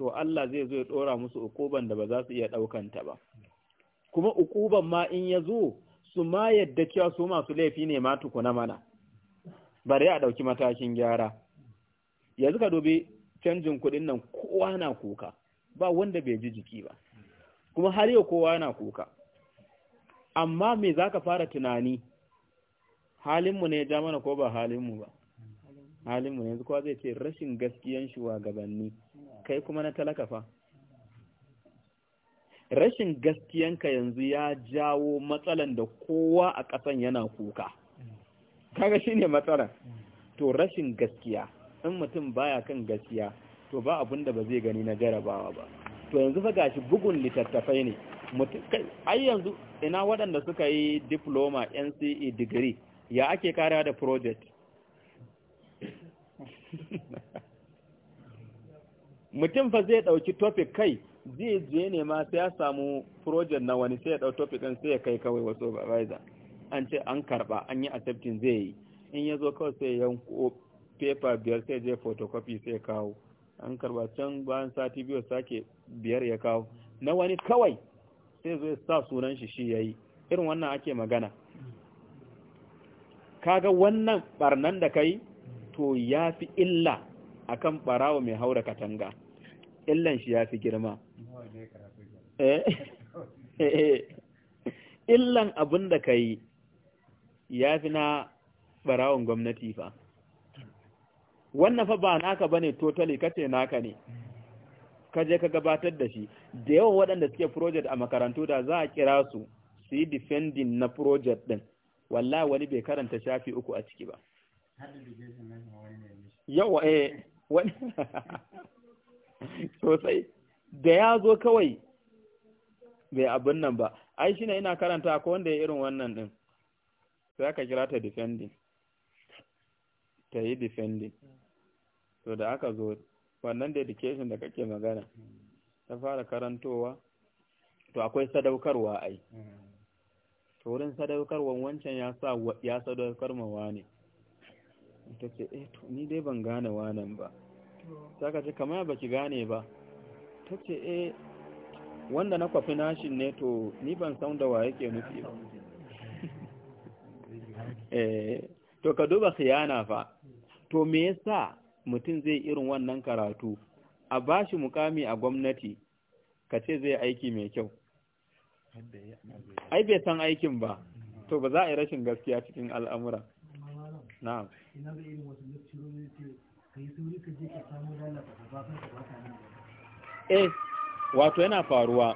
A: to Allah zai zo ya ɗora musu ukuban da ba za su iya ɗaukanta ba. Kuma ukuban ma in ya zo, su ma yadda cewa su masu laifi ne ma tukuna mana, bari a ɗauki matakin gyara. Yanzu ka dubi canjin kuɗin nan kowa na kuka, ba wanda bai ji jiki ba, kuma har yau kowa na kuka. Amma me za ka fara tunani, halinmu ne ya ja mana ko ba halin mu ba. halin yanzu kowa zai ce rashin gaskiyan shugabanni kai kuma na talaka fa rashin gaskiyanka yanzu ya jawo matsalan da kowa a ƙasan yana kuka kaga shine matsala to rashin gaskiya in mutum baya kan gaskiya to ba abin da ba zai gani na jarabawa ba to yanzu fa gashi bugun littattafai ne mutum ai yanzu ina waɗanda suka yi diploma NCE degree ya ake kariya da project mutum fa zai ɗauki topic kai zai je ne ma sai ya samu project na wani sai ya ɗau topic ɗin sai ya kai kawai wasu supervisor an ce an karɓa an yi accepting zai yi in ya zo kawai sai yanko paper biyar sai je photocopy sai kawo an karɓa can bayan sati biyu sake biyar ya kawo na wani kawai sai zai sa sunan shi shi yayi irin wannan ake magana kaga wannan barnan da kai to ya fi illa a kan ɓarawa mai haura katanga illan shi ya fi girma eh, illan abin da ka yi ya fi na ɓarawan gwamnati fa wannan fa ba naka ba ne totali kace naka ne ka je ka gabatar da shi da yawan waɗanda suke project a makarantu da za a kira su su yi defending na project ɗin wallahi wani bai karanta shafi uku a ciki ba yawa eh wani sosai da ya zo kawai bai abin nan ba ai shi ne ina karanta ko wanda ya irin wannan din sai aka kira ta defending ta yi defending to da aka zo wannan dedication da kake magana ta fara karantowa to akwai sadaukarwa ai mm. to wurin sadaukarwan wancan ya sa ya sadaukar mawa ne ta ce eh to ni dai ban gane wannan ba saka ce kamar baki gane ba ta ce eh wanda na kwafi nashin ne to ni ban san da wa yake nufi ba eh to ka duba khiyana fa to me yasa mutum zai irin wannan karatu a bashi mukami a gwamnati ka ce zai aiki mai kyau ai bai san aikin ba to ba za a yi rashin gaskiya cikin al'amura na'am ina ga irin wasu lecturori ce ka yi sauri ka je ka samu lalata ka ba ka ba ka eh wato yana faruwa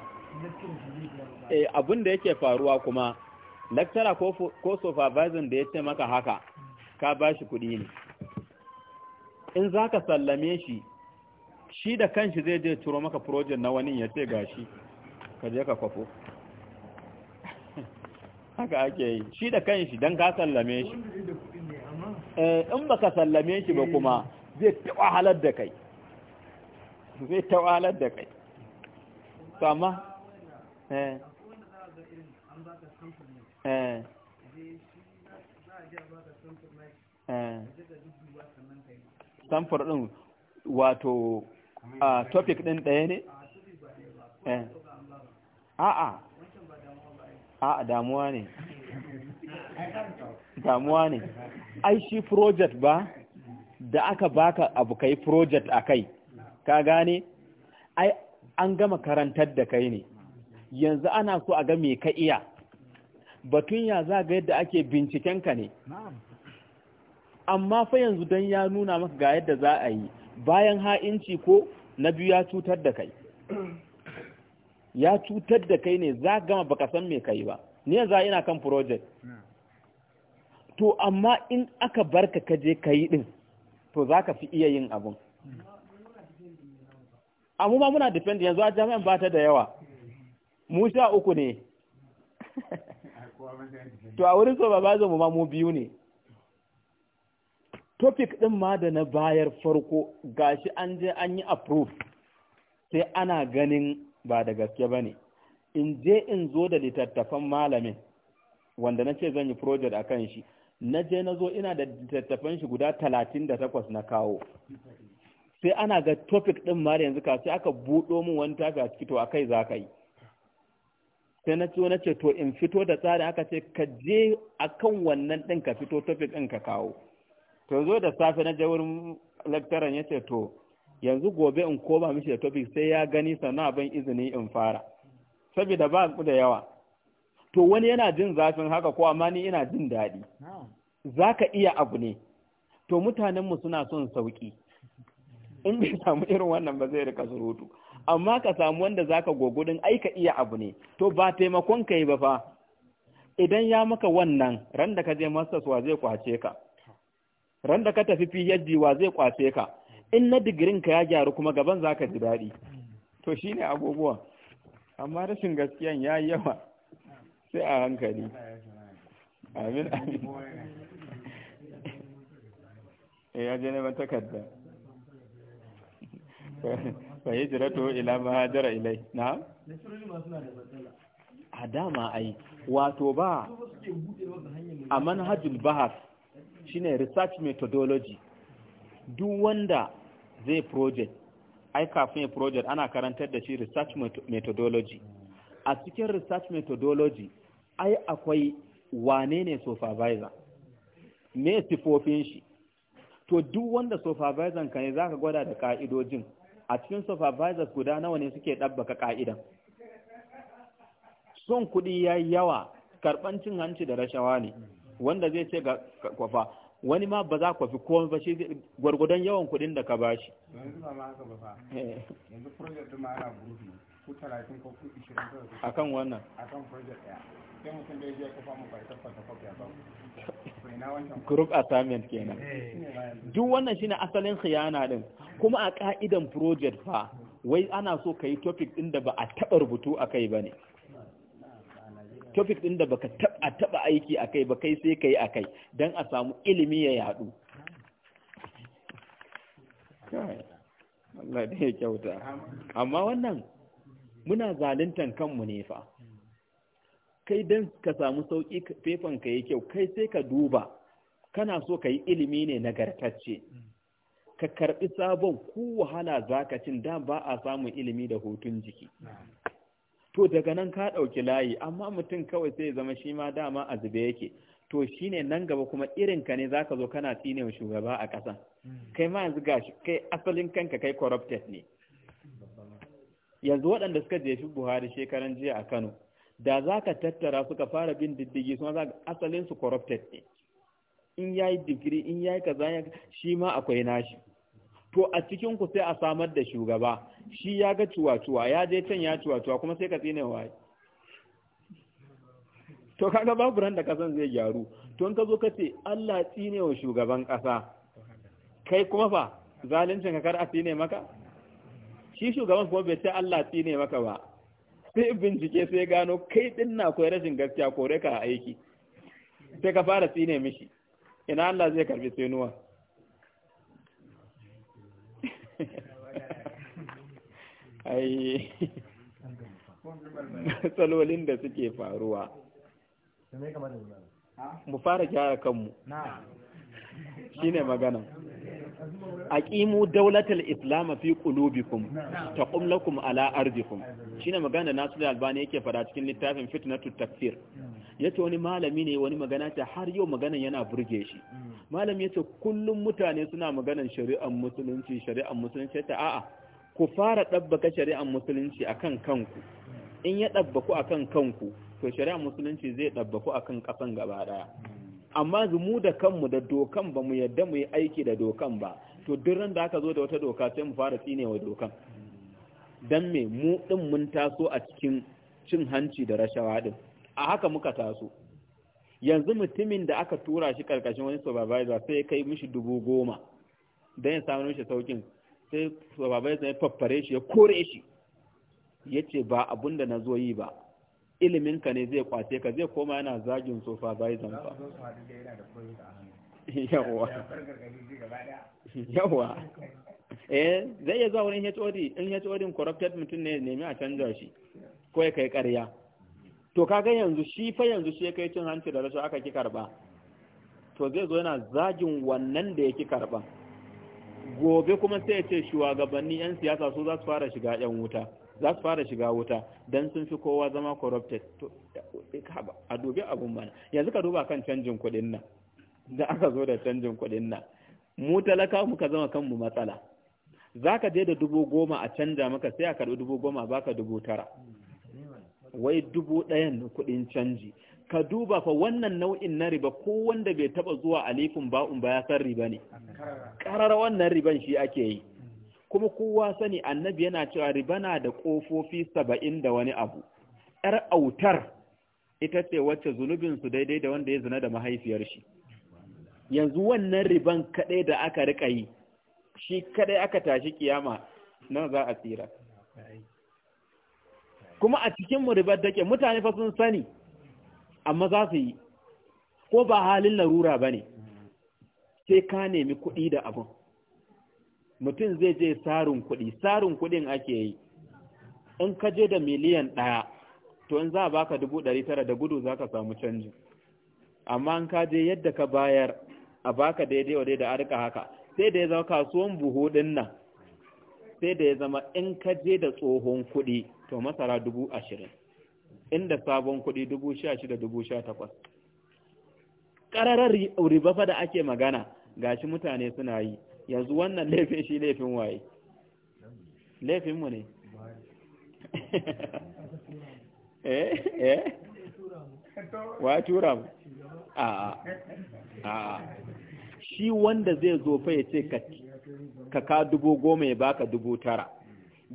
A: eh abin da yake faruwa kuma lecturer ko ko supervisor da ya ce maka haka ka ba shi kuɗi ne in za ka sallame shi shi da kanshi zai je turo maka project na wani ya ce ga shi ka je ka kwafo haka ake yi shi da kanshi don ka sallame
B: shi
A: Eh, in ka sallame shi ba eh. kuma zai taɓa halar da kai zai taɓa halar da kai sama eh, eh eh samfur ɗin wato a topic ɗin ɗaya ne? a'a a'a damuwa ne damuwa ne ai shi project ba da aka baka abu kai project kai. ka gane ai an gama karantar da kai ne yanzu ana so a ga me ka iya batun ya za ga yadda ake binciken ka ne amma fa yanzu dan ya nuna maka ga yadda za a yi bayan ha'inci ko na biyu ya cutar da kai ya cutar da kai ne za gama baka san me kai ba ne za ina kan project to amma in aka barka ka je ka yi ɗin to za ka fi iya yin abin amma ma muna depend yanzu a jami'an ba ta da yawa mu sha uku ne to a wurin so ba mu ma mu biyu ne topic ɗin ma da na bayar farko gashi an je an yi approve sai ana ganin ba da gaske ba ne in je in zo da littattafan malamin wanda na ce zan yi project a kan shi na je na zo ina da littattafan shi guda talatin da takwas na kawo sai ana ga topic ɗin ma yanzu ka sai aka buɗo min wani tafi a ciki to a kai za ka yi sai na ciwo na ce to in fito da tsarin aka ce ka je a kan wannan ɗin ka fito topic ɗin ka kawo to zo da safe na je wurin lecturer ya ce to yanzu gobe in koma mishi da topic sai ya gani sannan abin izini in fara saboda ba da yawa to wani yana jin zafin haka ko amma ni ina jin daɗi za ka iya abu ne to mutanenmu suna son sauƙi in bai samu irin wannan ba zai rika surutu amma ka samu wanda za ka gogudin ai ka iya abu ne to ba taimakon ka yi ba fa idan ya maka wannan ran da ka je masters wa zai kwace ka ran da ka tafi PhD wa zai kwace ka in na digirin ka ya gyaru kuma gaban za ka ji daɗi to shine abubuwa amma rashin gaskiyan ya yi yawa sai a hankali amin amin eh, ya je neman takarda fa hijratu ila ma hajara ilai na a dama ai wato ba a manhajul bahas shine research methodology duk wanda zai project ai kafin project ana karantar da shi research methodology a cikin research methodology ai akwai wane ne supervisor me sifofin shi to duk wanda supervisor ka ne zaka gwada da ka'idojin a cikin supervisors guda nawa ne suke ɗabbaka ka'idan son kuɗi ya yi yawa karɓan cin hanci da rashawa ne wanda zai ce ga kwafa wani ma ba za ku fi komai ba shi gwargwadon yawan kuɗin da ka bashi ba shi a kan wannan group assignment kenan eh, duk wannan shine asalin khiyana din kuma a ka'idan project fa wai ana so ka yi topic ɗin da ba a taɓa rubutu a kai ba ne topic ɗin da ba a taɓa aiki a kai ba kai sai ka yi a kai don a samu ilimi ya yaɗu Allah da ya kyauta amma wannan muna zaluntan kanmu ne fa kai dan ka samu sauki fefan ka yi kyau kai sai ka duba kana so ka yi ilimi ne nagartacce ka karbi sabon ku wahala zaka cin da ba a samun ilimi da hutun jiki to daga nan ka ɗauki layi amma mutum kawai sai zama shi ma dama a zube yake to shine nan gaba kuma irin ka ne zaka zo kana tsinewa shugaba a ƙasan hmm. kai ma yanzu gashi kai asalin kanka kai corrupted ne yanzu waɗanda suka jefi buhari shekaran jiya a kano da za ka tattara suka fara bin diddigi suna za asalin su corrupted ne in ya yi digiri in ya yi zanya shi ma akwai nashi to a cikin ku sai a samar da shugaba shi ya ga cuwa-cuwa ya je can ya cuwa-cuwa kuma sai ka tsine waye to kaga babu ran da kasan zai gyaru to in ka zo ka ce Allah tsine wa shugaban kasa kai kuma fa zaluncin ka kar a tsine maka shi shugaban kuma bai ce Allah tsine maka ba sai bincike sai gano kai din na koyi rashin gaskiya kore ka aiki sai ka fara tsine mishi ina Allah zai karbi tsinuwa ai matsalolin da suke faruwa
B: mu fara gyara kanmu Shi ne magana a ƙimu
A: daulatal islam fi qulubikum taqum lakum ala shi ne magana da Albani yake fara cikin littafin tafsir ya ce wani malami ne wani magana ta har yau magana yana burge shi malami ya ce kullum mutane suna maganan shari'ar musulunci shari'ar musulunci ta a'a ku fara ɗabbaka shari'ar musulunci a kan kanku in ya dabbaku kan kanku to shari'ar musulunci zai dabbaku kan kasan gaba ɗaya amma mu da kanmu da dokan ba mu yadda mu yi aiki da dokan ba to duk da aka zo da wata doka sai mu fara tsine wa dokan dan me mu din mun taso a cikin cin hanci da rashawa din a haka muka taso yanzu mutumin da aka tura shi karkashin wani supervisor sai ya kai mishi dubu goma dan ya samu mishi saukin sai supervisor ya faffare shi ya kore shi yace ba abunda da na zo yi ba iliminka ne zai kwace ka zai koma yana zagin sofa bai zanfa yawa eh zai iya zuwa HOD in HOD corrupted mutum ne nemi a canza shi ko ya kai ƙarya to kaga yanzu shi fa yanzu shi ya kai cin hanci da rashin aka ki karba to zai zo yana zagin wannan da ya ki karba gobe kuma sai ya ce shugabanni yan siyasa su za su fara shiga yan wuta za su fara shiga wuta don sun fi kowa zama corrupted to a dubi abun mana yanzu ka duba kan canjin kuɗin nan da aka zo da canjin kuɗin nan mu talaka muka zama kanmu matsala za ka je da dubu goma a canja maka sai a karɓi dubu goma baka dubu tara wai dubu ɗayan kuɗin canji ka duba fa wannan nau'in na riba ko wanda bai taɓa zuwa alifin ba'un ba ya san riba ne ƙarar wannan riban shi ake yi kuma kowa sani annabi yana cewa ribana da ƙofofi saba'in da wani abu ‘yar autar ita ce wacce zunubinsu daidai da wanda ya zina da mahaifiyar shi yanzu wannan riban kaɗai da aka riƙa yi shi kaɗai aka tashi kiyama nan za a tsira kuma a mu ribar take mutane fa sun sani amma za su yi ko ba halin larura ba ne sai ka nemi kuɗi da abin mutum zai je sarin kuɗi sarin kuɗin ake yi in ka je da miliyan ɗaya to in za a baka dubu ɗari tara da gudu za ka samu canji amma in ka je yadda ka bayar a baka daidai wa da arka haka sai da ya zama kasuwan buhu ɗin nan sai da ya zama in ka je da tsohon kuɗi to masara dubu ashirin inda sabon kuɗi dubu sha shida dubu sha takwas ƙararar riba fa da ake magana gashi mutane suna yi yanzu wannan laifin shi laifin waye mu ne eh eh
B: wa tura mu
A: a shi wanda zai zo fa ya ce ka ka dubu goma ya baka dubu tara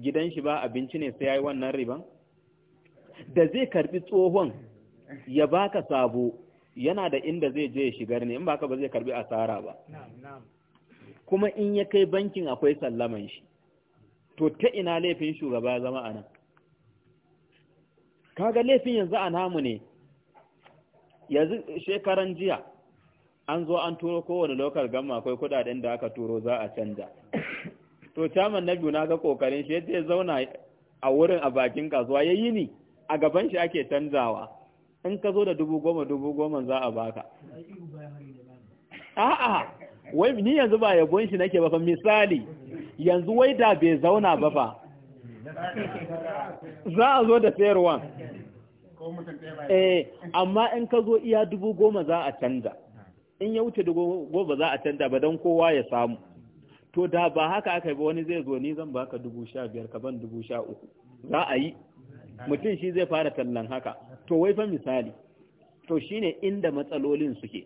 A: gidan shi ba abinci ne sai ya wannan riban da zai karbi tsohon ya baka sabo yana da inda zai je ya shigar ne in baka ba zai karbi asara ba kuma in ya kai bankin akwai sallaman shi to ta ina laifin shugaba zama anan kaga laifin yanzu a namu ne yanzu shekaran jiya an zo an turo kowane lokal gama akwai kudaden da aka turo za a canja to caman na biyu na ga kokarin shi yadda ya zauna a wurin a bakin kasuwa ya yi ni a gaban shi ake canjawa. in ka zo da dubu goma dubu goma za a baka a'a wai ni yanzu ba yabon shi nake ba fa misali yanzu wai da bai zauna ba fa
B: za a zo da sayarwa eh
A: amma in ka zo iya dubu goma za a canza in ya wuce dubu goma za a canza ba don kowa ya samu to da ba haka aka yi ba wani zai zo ni zan baka dubu sha biyar ka ban dubu sha uku za a yi mutum shi zai fara tallan haka to wai fa misali to shine inda matsalolin suke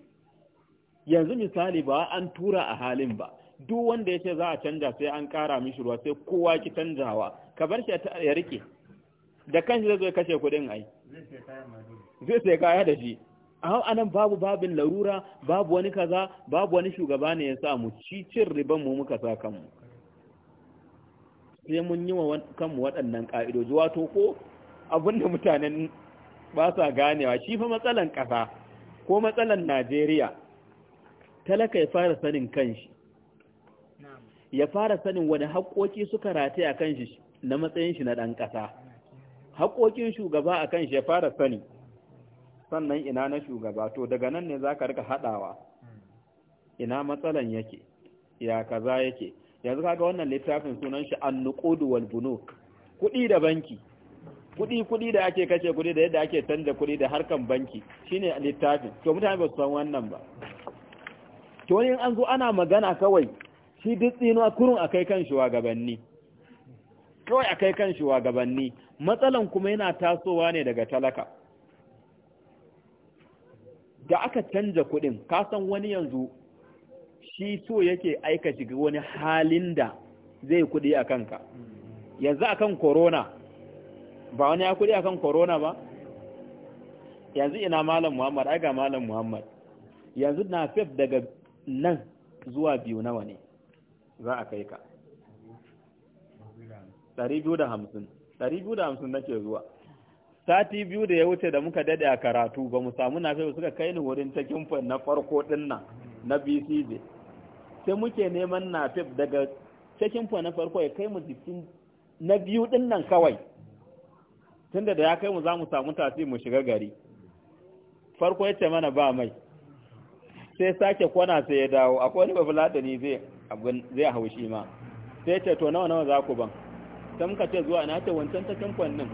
A: yanzu misali ba an tura a halin ba duk wanda ya ce za a canja sai an kara mishi ruwa sai kowa ki canjawa ka bar shi ya rike da kanshi zai kashe kuɗin ai zai sai kaya da shi a anan babu babin larura babu wani kaza babu wani shugaba ne ya sa mu ci cin riban mu muka sa kanmu sai mun yi wa kanmu waɗannan ƙa'idoji wato ko abin da mutanen ba sa ganewa shi fa matsalan ƙasa ko matsalan Najeriya talaka ya fara sanin kanshi ya fara sanin wani haƙoƙi suka rata a kanshi na matsayin shi na ɗan ƙasa haƙoƙin shugaba a kanshi ya fara sani sannan ina na shugaba to daga nan ne za ka rika haɗawa ina matsalan yake ya kaza yake yanzu kaga wannan littafin sunan shi annuqudu wal bunuk kuɗi da banki kuɗi kuɗi da ake kashe kuɗi da yadda ake canza kuɗi da harkan banki shine littafin to mutane ba su san wannan ba to wani an zo ana magana kawai shi duk tsinuwa kurun akai kan shi gabanni kawai kai kan shi gabanni matsalan kuma yana tasowa ne daga talaka da aka canja kuɗin kasan wani yanzu shi so yake aika shiga wani halin da zai kuɗi a kanka yanzu akan korona ba wani ya kuɗi akan korona ba yanzu ina malam muhammad ai malam muhammad yanzu na fef daga nan zuwa biyu nawa ne za a kai ka ɗari biyu da hamsin ɗari biyu da hamsin nake zuwa sati biyu da ya wuce da muka dade a karatu ba mu samu na fi suka kai ni wurin ta kimfa na farko dinnan na bcj sai muke neman na daga cikin fa na farko ya kai mu jikin na biyu din nan kawai tunda da ya kai mu za mu samu tasi mu shiga gari farko ya ce mana ba mai sai sake kwana sai ya dawo akwai wani bafulatani zai abin zai haushi ma sai ce to nawa nawa za ku ban sai muka ce zuwa na ce wancan ta kamfan din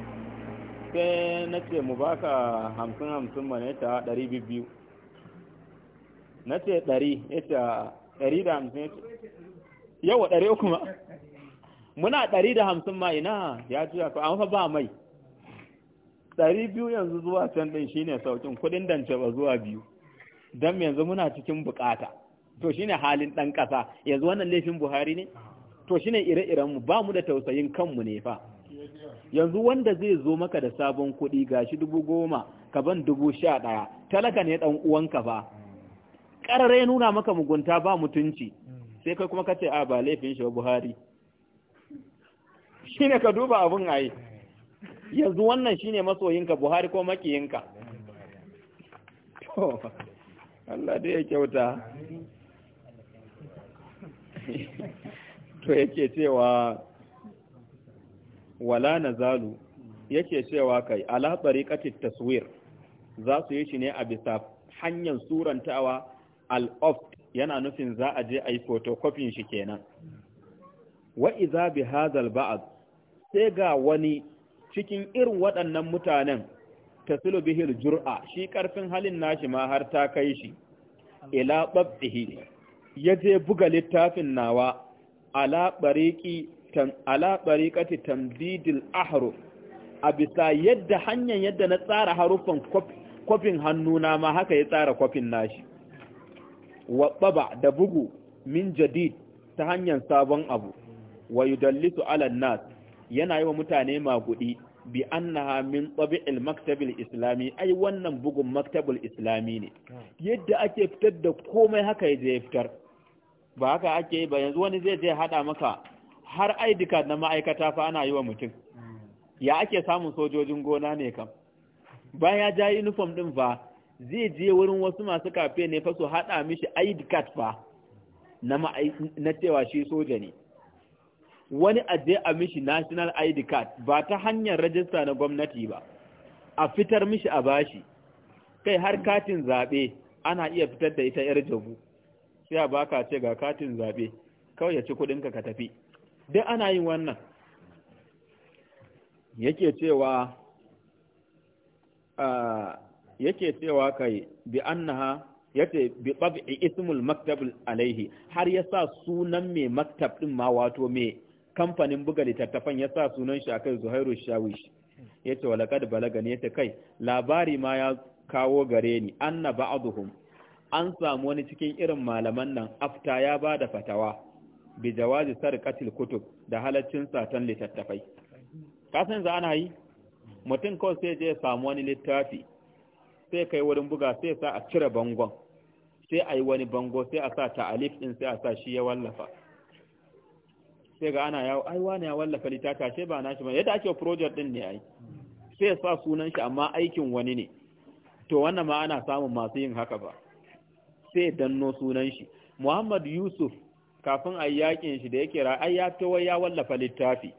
A: sai na ce mu baka hamsin hamsin mana ta ɗari biyu na ce ɗari ya ce ɗari da hamsin yawa ɗari uku ma muna ɗari da hamsin ma ina ya juya ko an fa ba mai ɗari biyu yanzu zuwa can ɗin shine saukin kuɗin dance ba zuwa biyu dan yanzu muna cikin bukata to shine halin dan kasa yanzu wannan laifin Buhari ne to shine ire irenmu ba mu da tausayin kanmu ne fa yanzu wanda zai zo maka da sabon kuɗi gashi dubu goma ka ban dubu sha ɗaya talaka ne ɗan uwanka fa ƙarare nuna maka mugunta ba mutunci sai kai kuma kace a ba laifin shi Buhari shine ka duba abun ayi yanzu wannan shine masoyinka Buhari ko makiyinka Allah da ya kyauta to yake cewa wala zalu yake cewa kai ala tariqatit taswir za su yi shi ne a bisa hanyar surantawa al yana nufin za a je a yi fotokofin shi kenan wa iza bi hazal ba'ad sai ga wani cikin irin waɗannan mutanen tattalo bihir jur'a shi karfin halin nashi ma har ta kai shi ila babdihi ya je buga littafin nawa ala ɓariƙati tamdidil ahruf a bisa yadda hanyar yadda na tsara haruffan kwafin hannuna ma haka ya tsara kwafin nashi wa da bugu min jadid ta hanyar sabon abu wa yudallisu alan nas yana yi wa mutane maguɗi bi annaha min tabi'il maktabil islami ai wannan bugun maktabil islami ne yadda ake fitar da komai haka yaje ya fitar ba haka ake ba yanzu wani zai je hada maka har ID card na ma'aikata fa ana yi wa mutum ya ake samun sojojin gona ne kam ba ya ja uniform din fa zai je wurin wasu masu kafe ne fa su hada mishi ID card fa na na cewa shi soja ne wani a je a mishi national id card ba ta hanyar rajista na gwamnati ba a fitar mishi a bashi kai har katin zaɓe ana iya fitar da ita yar jabu sai a baka ce ga katin zaɓe kawai ya ci kuɗinka ka tafi dai ana yin wannan yake cewa yake cewa kai bi annaha yace bi tab'i ismul maktab alaihi har yasa sunan mai maktab din ma wato mai kamfanin buga littattafan ya sa sunan shi akai Zuhairu Shawish yace balaga balagani yace kai labari ma ya kawo gare ni anna ba'dhum an samu wani cikin irin malaman nan afta ya ba da fatawa bi jawazi sarqatil kutub da halaccin satan littattafai ka san za ana yi mutum kawai sai je ya samu wani littafi sai kai wurin buga sai sa a cire bangon sai a yi wani bango sai a sa ta'alif din sai a sa shi ya wallafa sai ga ana yawo ai wani ya wallafa litata ce ba na nashi ba yadda ake project din ne ai sai sa sunan shi amma aikin wani ne to wannan ma ana samun masu yin haka ba sai danno sunan shi Muhammad Yusuf kafin a yakin shi da yake ra ai ya fito ya wallafa littafi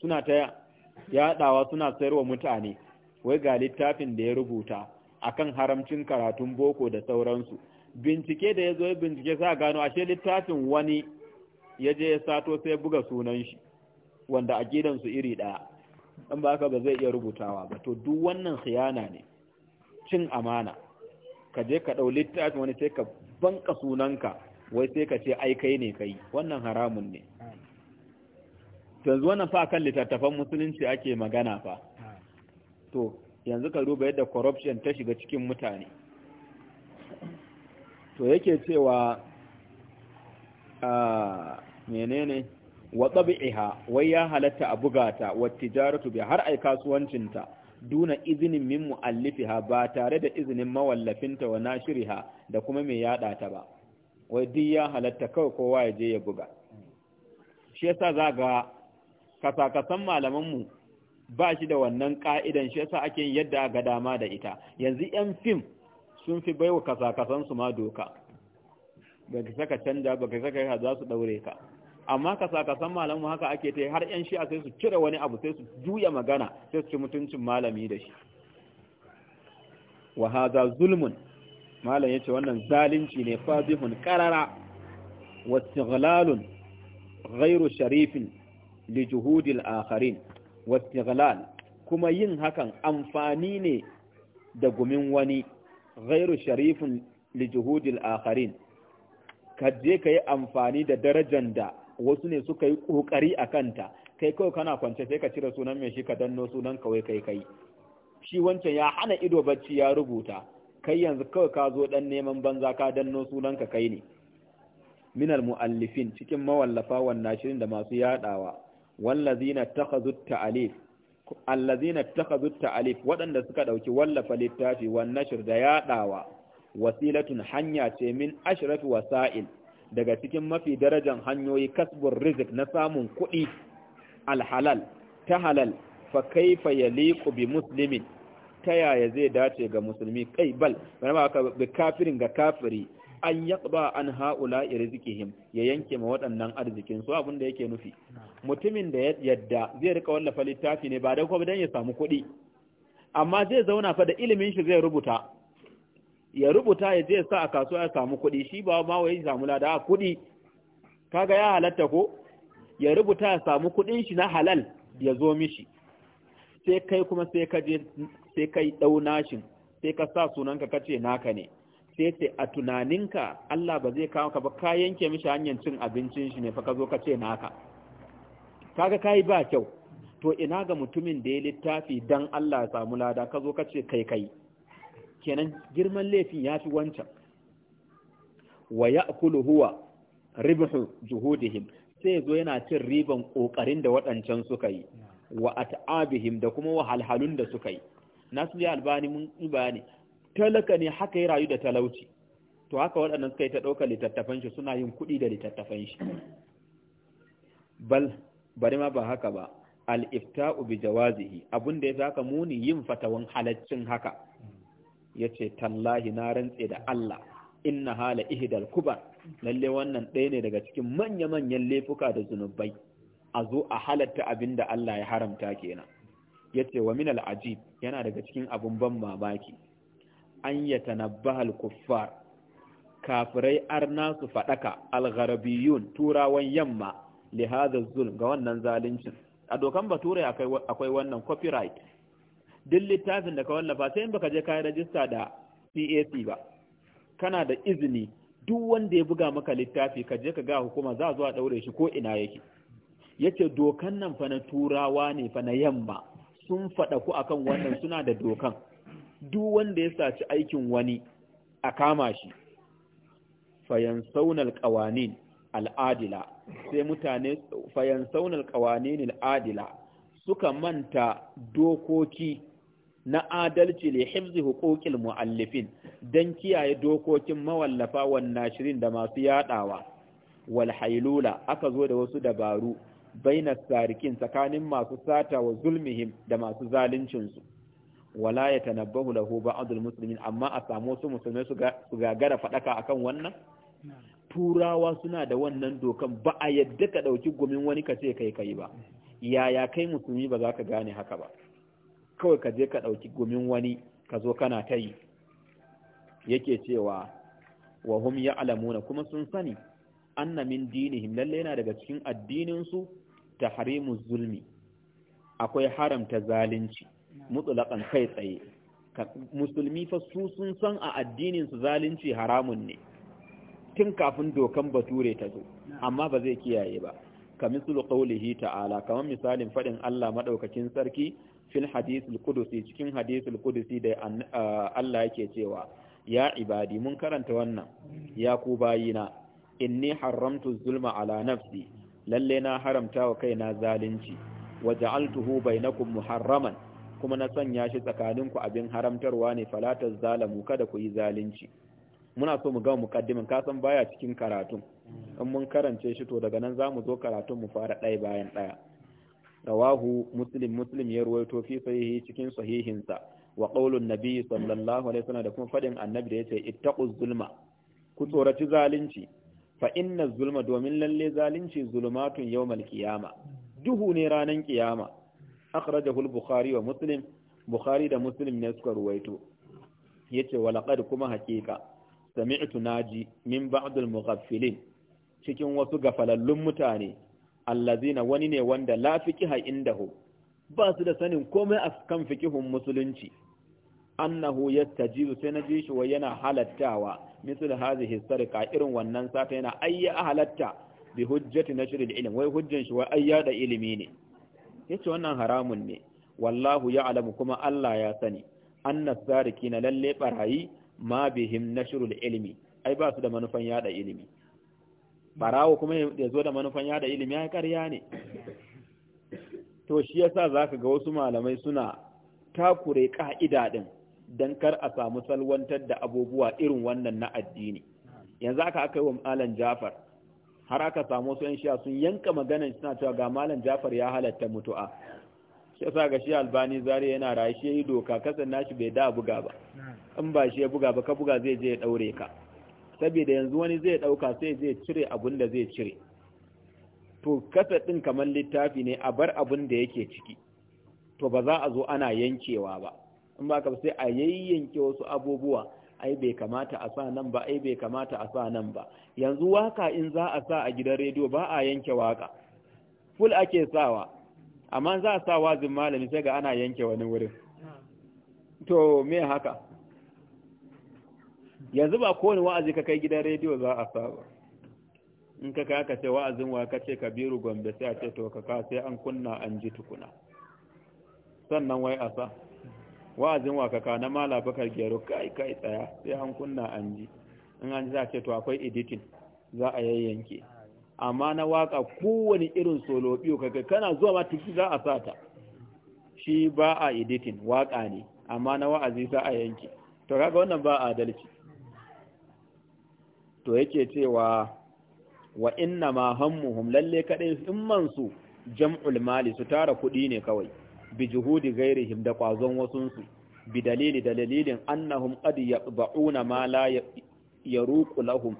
A: suna ta yaɗawa suna sayarwa mutane wai ga littafin da ya rubuta akan haramcin karatun boko da sauransu bincike da ya zo bincike sa gano ashe littafin wani ya je ya sato sai buga sunan shi wanda su iri daya in ba haka ba zai iya rubutawa ba to duk wannan khiyana ne cin amana ka je ka dau littafin wani sai ka banka sunanka wai sai ka ce ai kai ne kai wannan haramun ne yanzu wannan fa kan littattafan musulunci ake magana fa to yanzu ka duba yadda corruption ta shiga cikin mutane to yake cewa menene wa tabi'iha wai ya halatta a bugata wa tijaratu bi har ai kasuwancinta duna izinin min mu'allifiha ba tare da izinin mawallafinta wa nashiriha da kuma mai yada ta ba wai duk ya halatta kawai kowa ya je ya buga shi yasa za ga malaman malamanmu ba shi da wannan ka'idan shi yasa ake yadda ga dama da ita yanzu yan fim sun fi baiwa su ma doka ba saka canja ba ka saka ka za su daure ka amma ka sa ka san malamu haka ake ta har yan shi'a sai su cire wani abu sai su juya magana sai su ci mutuncin malami da shi wa hadha zulmun malam yace wannan zalunci ne fadihun qarara wa istighlalun ghairu sharifin li juhudil akharin wa istighlal kuma yin hakan amfani ne da gumin wani ghairu sharifin li juhudil akharin ka je ka yi amfani da darajar da wasu ne suka yi kokari a kanta kai kawai kana kwance sai ka cire sunan mai shi ka danno sunan kawai kai kai shi wancan ya hana ido bacci ya rubuta kai yanzu kawai ka zo dan neman banza ka danno sunan ka kai ne minal muallifin cikin mawallafa wannan shirin da masu yadawa wallazina takhazu ta'alif allazina takhazu ta'alif waɗanda suka dauki wallafa littafi wannan nashr da yadawa wasilatun hanya ce min ashrafi wasa'il daga cikin mafi darajan hanyoyi kasbun rizik na samun kuɗi alhalal ta halal fa kaifa yaliqu bi muslimin ta yaya zai dace ga musulmi kai bal bana bi kafirin ga kafiri an yaqba an haula irzikihim ya yanke ma waɗannan arzikin su abin da yake nufi mutumin da yadda zai rika wallafa littafi ne ba da kuma dan ya samu kuɗi amma zai zauna fa da ilimin shi zai rubuta ya rubuta ya je sa a kasuwa ya samu kuɗi shi ba ma wai samu lada kuɗi kaga ya halatta ko ya rubuta ya samu kuɗin shi na halal ya zo mishi sai kai kuma sai ka je sai kai dau nashin sai ka sa sunanka kace naka ne sai ce a tunaninka Allah ba zai kawo ka ba ka yanke mishi hanyar cin abincin shi ne fa ka zo ka ce naka kaga kai ba kyau to ina ga mutumin da ya littafi dan Allah ya samu lada ka zo ka ce kai kai kenan girman laifin ya fi wancan wa kulu huwa ribhu juhudihim sai zo yana cin riban kokarin da waɗancan suka yi wa at'abihim da kuma wahalhalun da suka yi nasu ya albani mun bayani talaka ne haka ya rayu da talauci to haka waɗannan suka yi ta ɗaukar littattafan shi suna yin kuɗi da littattafan shi bal bari ma ba haka ba al-ifta'u bi jawazihi abinda ya zaka muni yin fatawan halaccin haka Ya ce, tallahi na rantse da Allah inna hala ihdal kubar lalle wannan ɗaya ne daga cikin manya-manyan laifuka da zunubai a zo a halatta abin da Allah ya haramta kenan Ya ce, wa minal ajib yana daga cikin abun ban mamaki an tanabbahal kuffar kafirai arna su faɗaka algharabiyun turawan yamma li zulm ga wannan zaluncin a dokan bature akwai akwai wannan copyright duk littafin da ka wallafa sai in baka je ka rajista da CAC ba kana da izini duk wanda ya buga maka littafi ka je ka ga hukuma za zuwa daure shi ko ina yake yace dokan nan fa na turawa ne fa na yamma sun faɗa ku akan wannan suna da dokan duk wanda ya saci aikin wani a kama shi fayan saunar al'adila sai mutane fayan saunar al'adila suka manta dokoki na adalci li hifzi huquqil muallifin dan kiyaye dokokin mawallafa wan nashirin da masu yadawa wal hailula aka zo da wasu dabaru baina sarikin tsakanin masu sata wa zulmihim da masu zaluncin su wala yatanabbahu lahu ba'dul muslimin amma a samu su musulmai su gagara fadaka akan wannan turawa suna da wannan dokan ba a yadda ka dauki gumin wani ka kai kai ba yaya kai musulmi ba za ka gane haka ba kawai ka je ka ɗauki gumin wani ka zo kana ta yi yake cewa wa hum ya'lamuna kuma sun sani anna min dinihim lalle yana daga cikin addininsu su tahrimu zulmi akwai haramta zalunci mutlaqan kai tsaye musulmi fa su sun san a addinin su zalunci haramun ne tun kafin dokan bature ta zo amma ba zai kiyaye ba kamisul qawlihi ta'ala kamar misalin fadin Allah madaukakin sarki fil hadisul qudusi cikin hadisul qudusi da Allah yake cewa ya ibadi mun karanta wannan ya ku bayina inni haramtu zulma ala nafsi lalle na haramta wa kaina zalunci wa ja'altuhu bainakum muharraman kuma na sanya shi tsakaninku abin haramtarwa ne falatar zalamu kada ku yi zalunci muna so mu ga mukaddimin ka san baya cikin karatun in mun karance shi to daga nan zamu zo karatun mu fara ɗaya bayan ɗaya rawahu muslim muslim ya ruwaito fi sahihi cikin sahihinsa wa qaulun nabiy sallallahu alaihi wasallam da kuma fadin annabi da yace ittaqu zulma ku tsoraci zalunci fa inna zulma domin lalle zalunci zulumatun yawmal qiyama duhu ne ranan qiyama akhrajahu al-bukhari wa muslim bukhari da muslim ne suka ruwaito yace wa laqad kuma haqiqa sami'tu naji min ba'd al-mughaffilin cikin wasu gafalallun mutane allazina wani ne wanda la fiqiha indahu ba su da sanin komai a kan fikihun musulunci annahu yastajibu sai ji shi wa yana halattawa misal hadhihi sarqa irin wannan sata yana a halatta bi hujjati nashril ilm wai hujjan shi wai ayya da ilimi ne yace wannan haramun ne wallahu ya'lamu kuma Allah ya sani annas sarikina lalle barayi ma bihim nashrul ilmi ai ba su da manufan yada ilimi barawo kuma ya zo da manufan yada ilimi ya karya ne to shi yasa zaka ga wasu malamai suna takure ka'ida din dan kar a samu salwantar da abubuwa irin wannan na addini yanzu aka aka yi wa malam Jafar har aka samu wasu yan shiya sun yanka maganan suna cewa ga malam Jafar ya halatta mutu'a shi yasa ga shi Albani Zari yana raye shi yi doka kasan nashi bai da buga ba in ba shi ya buga ba ka buga zai je ya daure ka saboda yanzu wani zai ɗauka sai zai cire abun da zai cire to kasa ɗin kamar littafi ne a bar abun da yake ciki to ba za a zo ana yankewa ba in ba ka sai a yayyanke wasu abubuwa ai bai kamata a sa nan ba ai bai kamata a sa nan ba yanzu waka in za a sa a gidan rediyo ba a yanke waka ful ake sawa amma za a sa wazin malami sai ga ana yanke wani wurin to me haka yanzu ba kowane wa'azi ka kai gidan rediyo za a saba in ka kai aka ce wa'azin wa ka ce kabiru gombe sai a ce to ka ka sai an kunna an ji tukuna sannan wai a sa wa'azin wa ka ka na mala bakar gero kai kai tsaya sai an kunna an ji in an ji za a ce to akwai editin za a yayyanke amma na waka kowane irin solo biyu kai-kai kana zuwa ma tiki za a sa ta. shi ba a editing waka ne amma na wa'azi za a yanke to kaga wannan ba adalci to yake cewa wa inna ma hammuhum lalle kadai himman su jam'ul mali su tara kudi ne kawai bi juhudi ghairihim da kwazon wasun su bi dalili da dalilin annahum qad yaqba'una ma la yaruqu lahum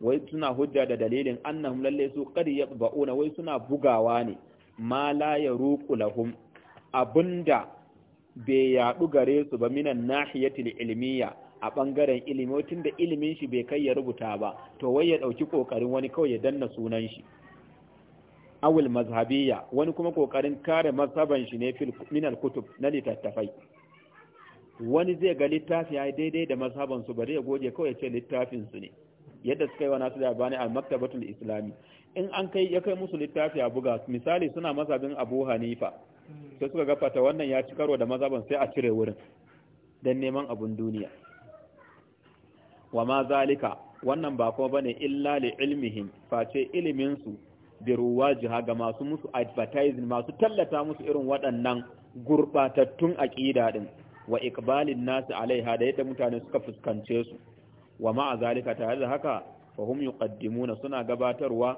A: wai suna hujja da dalilin annahum lalle su qad yaqba'una wai suna bugawa ne ma la yaruqu lahum abunda bai yaɗu gare su ba minan nahiyatil ilmiya a bangaren ilimi tun da ilimin shi bai kai ya rubuta ba to wai ya ɗauki kokarin wani kawai ya danna sunan shi awul mazhabiyya wani kuma kokarin kare mazhaban shi ne fil min kutub na littattafai wani zai ga littafi ya daidai da mazhaban su bari ya goge kawai ya ce littafin su ne yadda suka yi wa nasu bani al maktabatul islami in an kai ya kai musu littafi a buga misali suna mazhabin abu hanifa sai suka ga fata wannan ya ci karo da mazhaban sai a cire wurin don neman abun duniya wa ma zalika wannan ba kuma bane illa li ilmihim face ilimin su bi ruwajiha ga masu musu advertising masu tallata musu irin waɗannan gurbatattun aqida din wa iqbalin nasu alaiha da yadda mutane suka fuskance su wa ma zalika tare da haka hum yuqaddimuna suna gabatarwa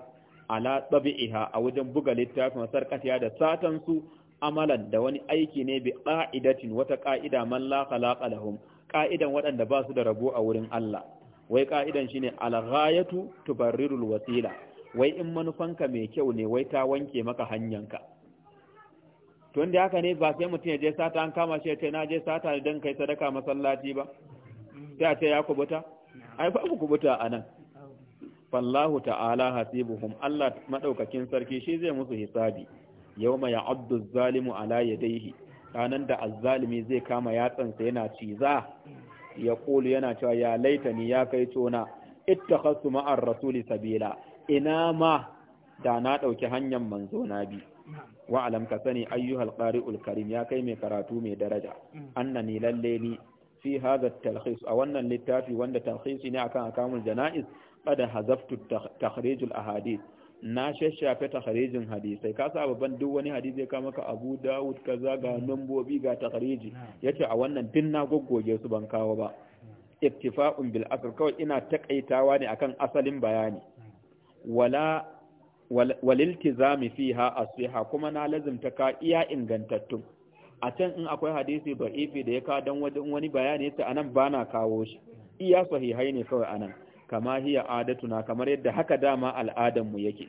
A: ala tabi'iha a wajen buga littafin sarkatiya da satan su amalan da wani aiki ne bi qa'idatin wata qa'ida man la khalaqa lahum ka'idan waɗanda ba su da rabo a wurin Allah wai ka'idan shine alhayatu tubarrirul wasila wai in manufanka mai kyau ne wai ta wanke maka hanyanka tun da haka ne ba sai mutum ya je sata an kama shi ya ce na je sata ne don kai sadaka masallaci ba sai a ce ya kubuta ai ku kubuta a nan fallahu ta'ala hasibuhum Allah madaukakin sarki shi zai musu hisabi yawma ya'addu zalimu ala yadayhi ranar da azzalimi zai kama yatsansa yana ciza ya kulu yana cewa ya laita ni ya kai tona ittakhasu ma'ar rasuli sabila ina ma da na ɗauki hanyar manzo na bi wa sani ayyuhal ƙari karim ya kai mai karatu mai daraja annani lalle ni fi hadha talkhis a wannan littafi wanda talkhisi ne akan akamul janaiz qad hazaftu tahrijul ahadith na shashafe takharijin hadisai ka sa babban duk wani hadisi ya kama ka Abu Dawud kaza ga hmm. nambobi ga takhariji hmm. yace a wannan din na goggoge su ban kawo ba hmm. iktifa'un bil asr kawai ina takaitawa ne akan asalin bayani wala waliltizami fiha asiha kuma na lazimta ka iya ingantattun a can in akwai hadisi ifi da ya ka dan wani bayani yace anan bana kawo shi iya sahihai ne kawai anan kama hiya adatuna kamar yadda haka dama al'adan mu yake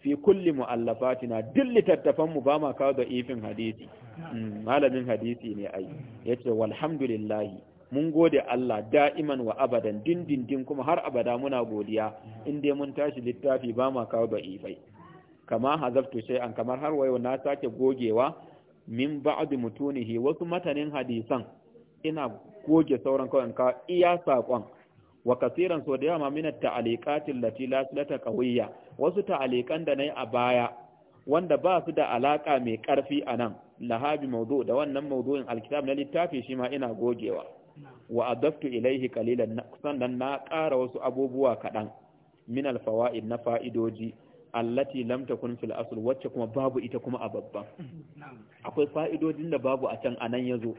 A: fi kulli mu'allafatina duk littattafan mu ba ma kawo da ifin hadisi mm, malamin hadisi ne ai yace walhamdulillah mun gode Allah da'iman wa abadan dindindin kuma har abada muna godiya in dai mun tashi littafi ba ma kawo da ifai kama hazaftu sai an kamar har wayo na sake gogewa min ba'd mutunihi wasu matanin hadisan ina goge sauran kawai ka iya saƙon wa kasiran so da yawa min at lati la silata qawiyya wasu ta'alikan da nayi a baya wanda ba su da alaka mai karfi anan lahabi mawdu da wannan mawdu'in alkitab na littafi shi ma ina gogewa wa adaftu ilaihi qalilan sannan na kara wasu abubuwa kaɗan min alfawaid na fa'idoji allati lam takun fil asl wacce kuma babu ita kuma a babban akwai fa'idodin da babu a can anan yazo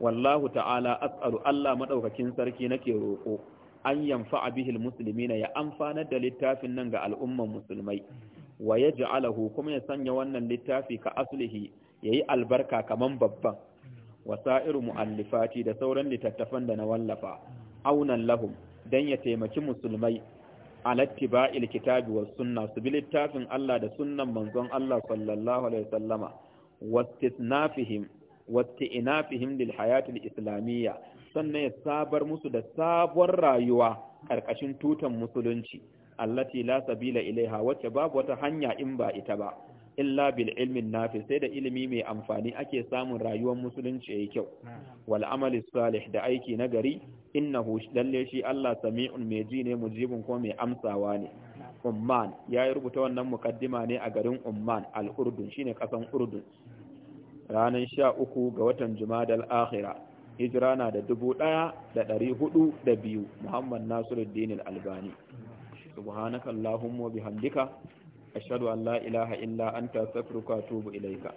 A: wallahu ta'ala as'alu Allah madaukakin sarki nake roƙo an yanfa'a bihil muslimina ya amfanar da littafin nan ga al'umman musulmai wa yaj'alahu kuma ya sanya wannan littafi ka aslihi yayi albarka kaman babban wa sa'iru mu'allifati da sauran littattafan da na wallafa aunan lahum dan ya taimaki musulmai alattiba'il kitabi was sunna su bi littafin Allah da sunnan manzon Allah sallallahu alaihi wasallama wastisnafihim wata fi lil hayatul islamiyya sannan ya sabar musu da sabuwar rayuwa karkashin tutan musulunci allati la sabila ilaiha wacce babu wata hanya in ba ita ba illa bil ilmin nafi sai da ilimi mai amfani ake samun rayuwar musulunci yayi kyau wal amali salih da aiki na gari innahu lalle shi Allah sami'un mai ji ne mujibun ko mai amsawa ne umman ya rubuta wannan mukaddima ne a garin umman al urdun shine kasan urdun ranar sha uku ga watan jumadal akhira hijira na da dubu ɗaya da ɗari hudu da biyu muhammad nasiruddin albani subhanaka allahumma bihamdika ashhadu an la ilaha illa anta astaghfiruka wa atubu ilaika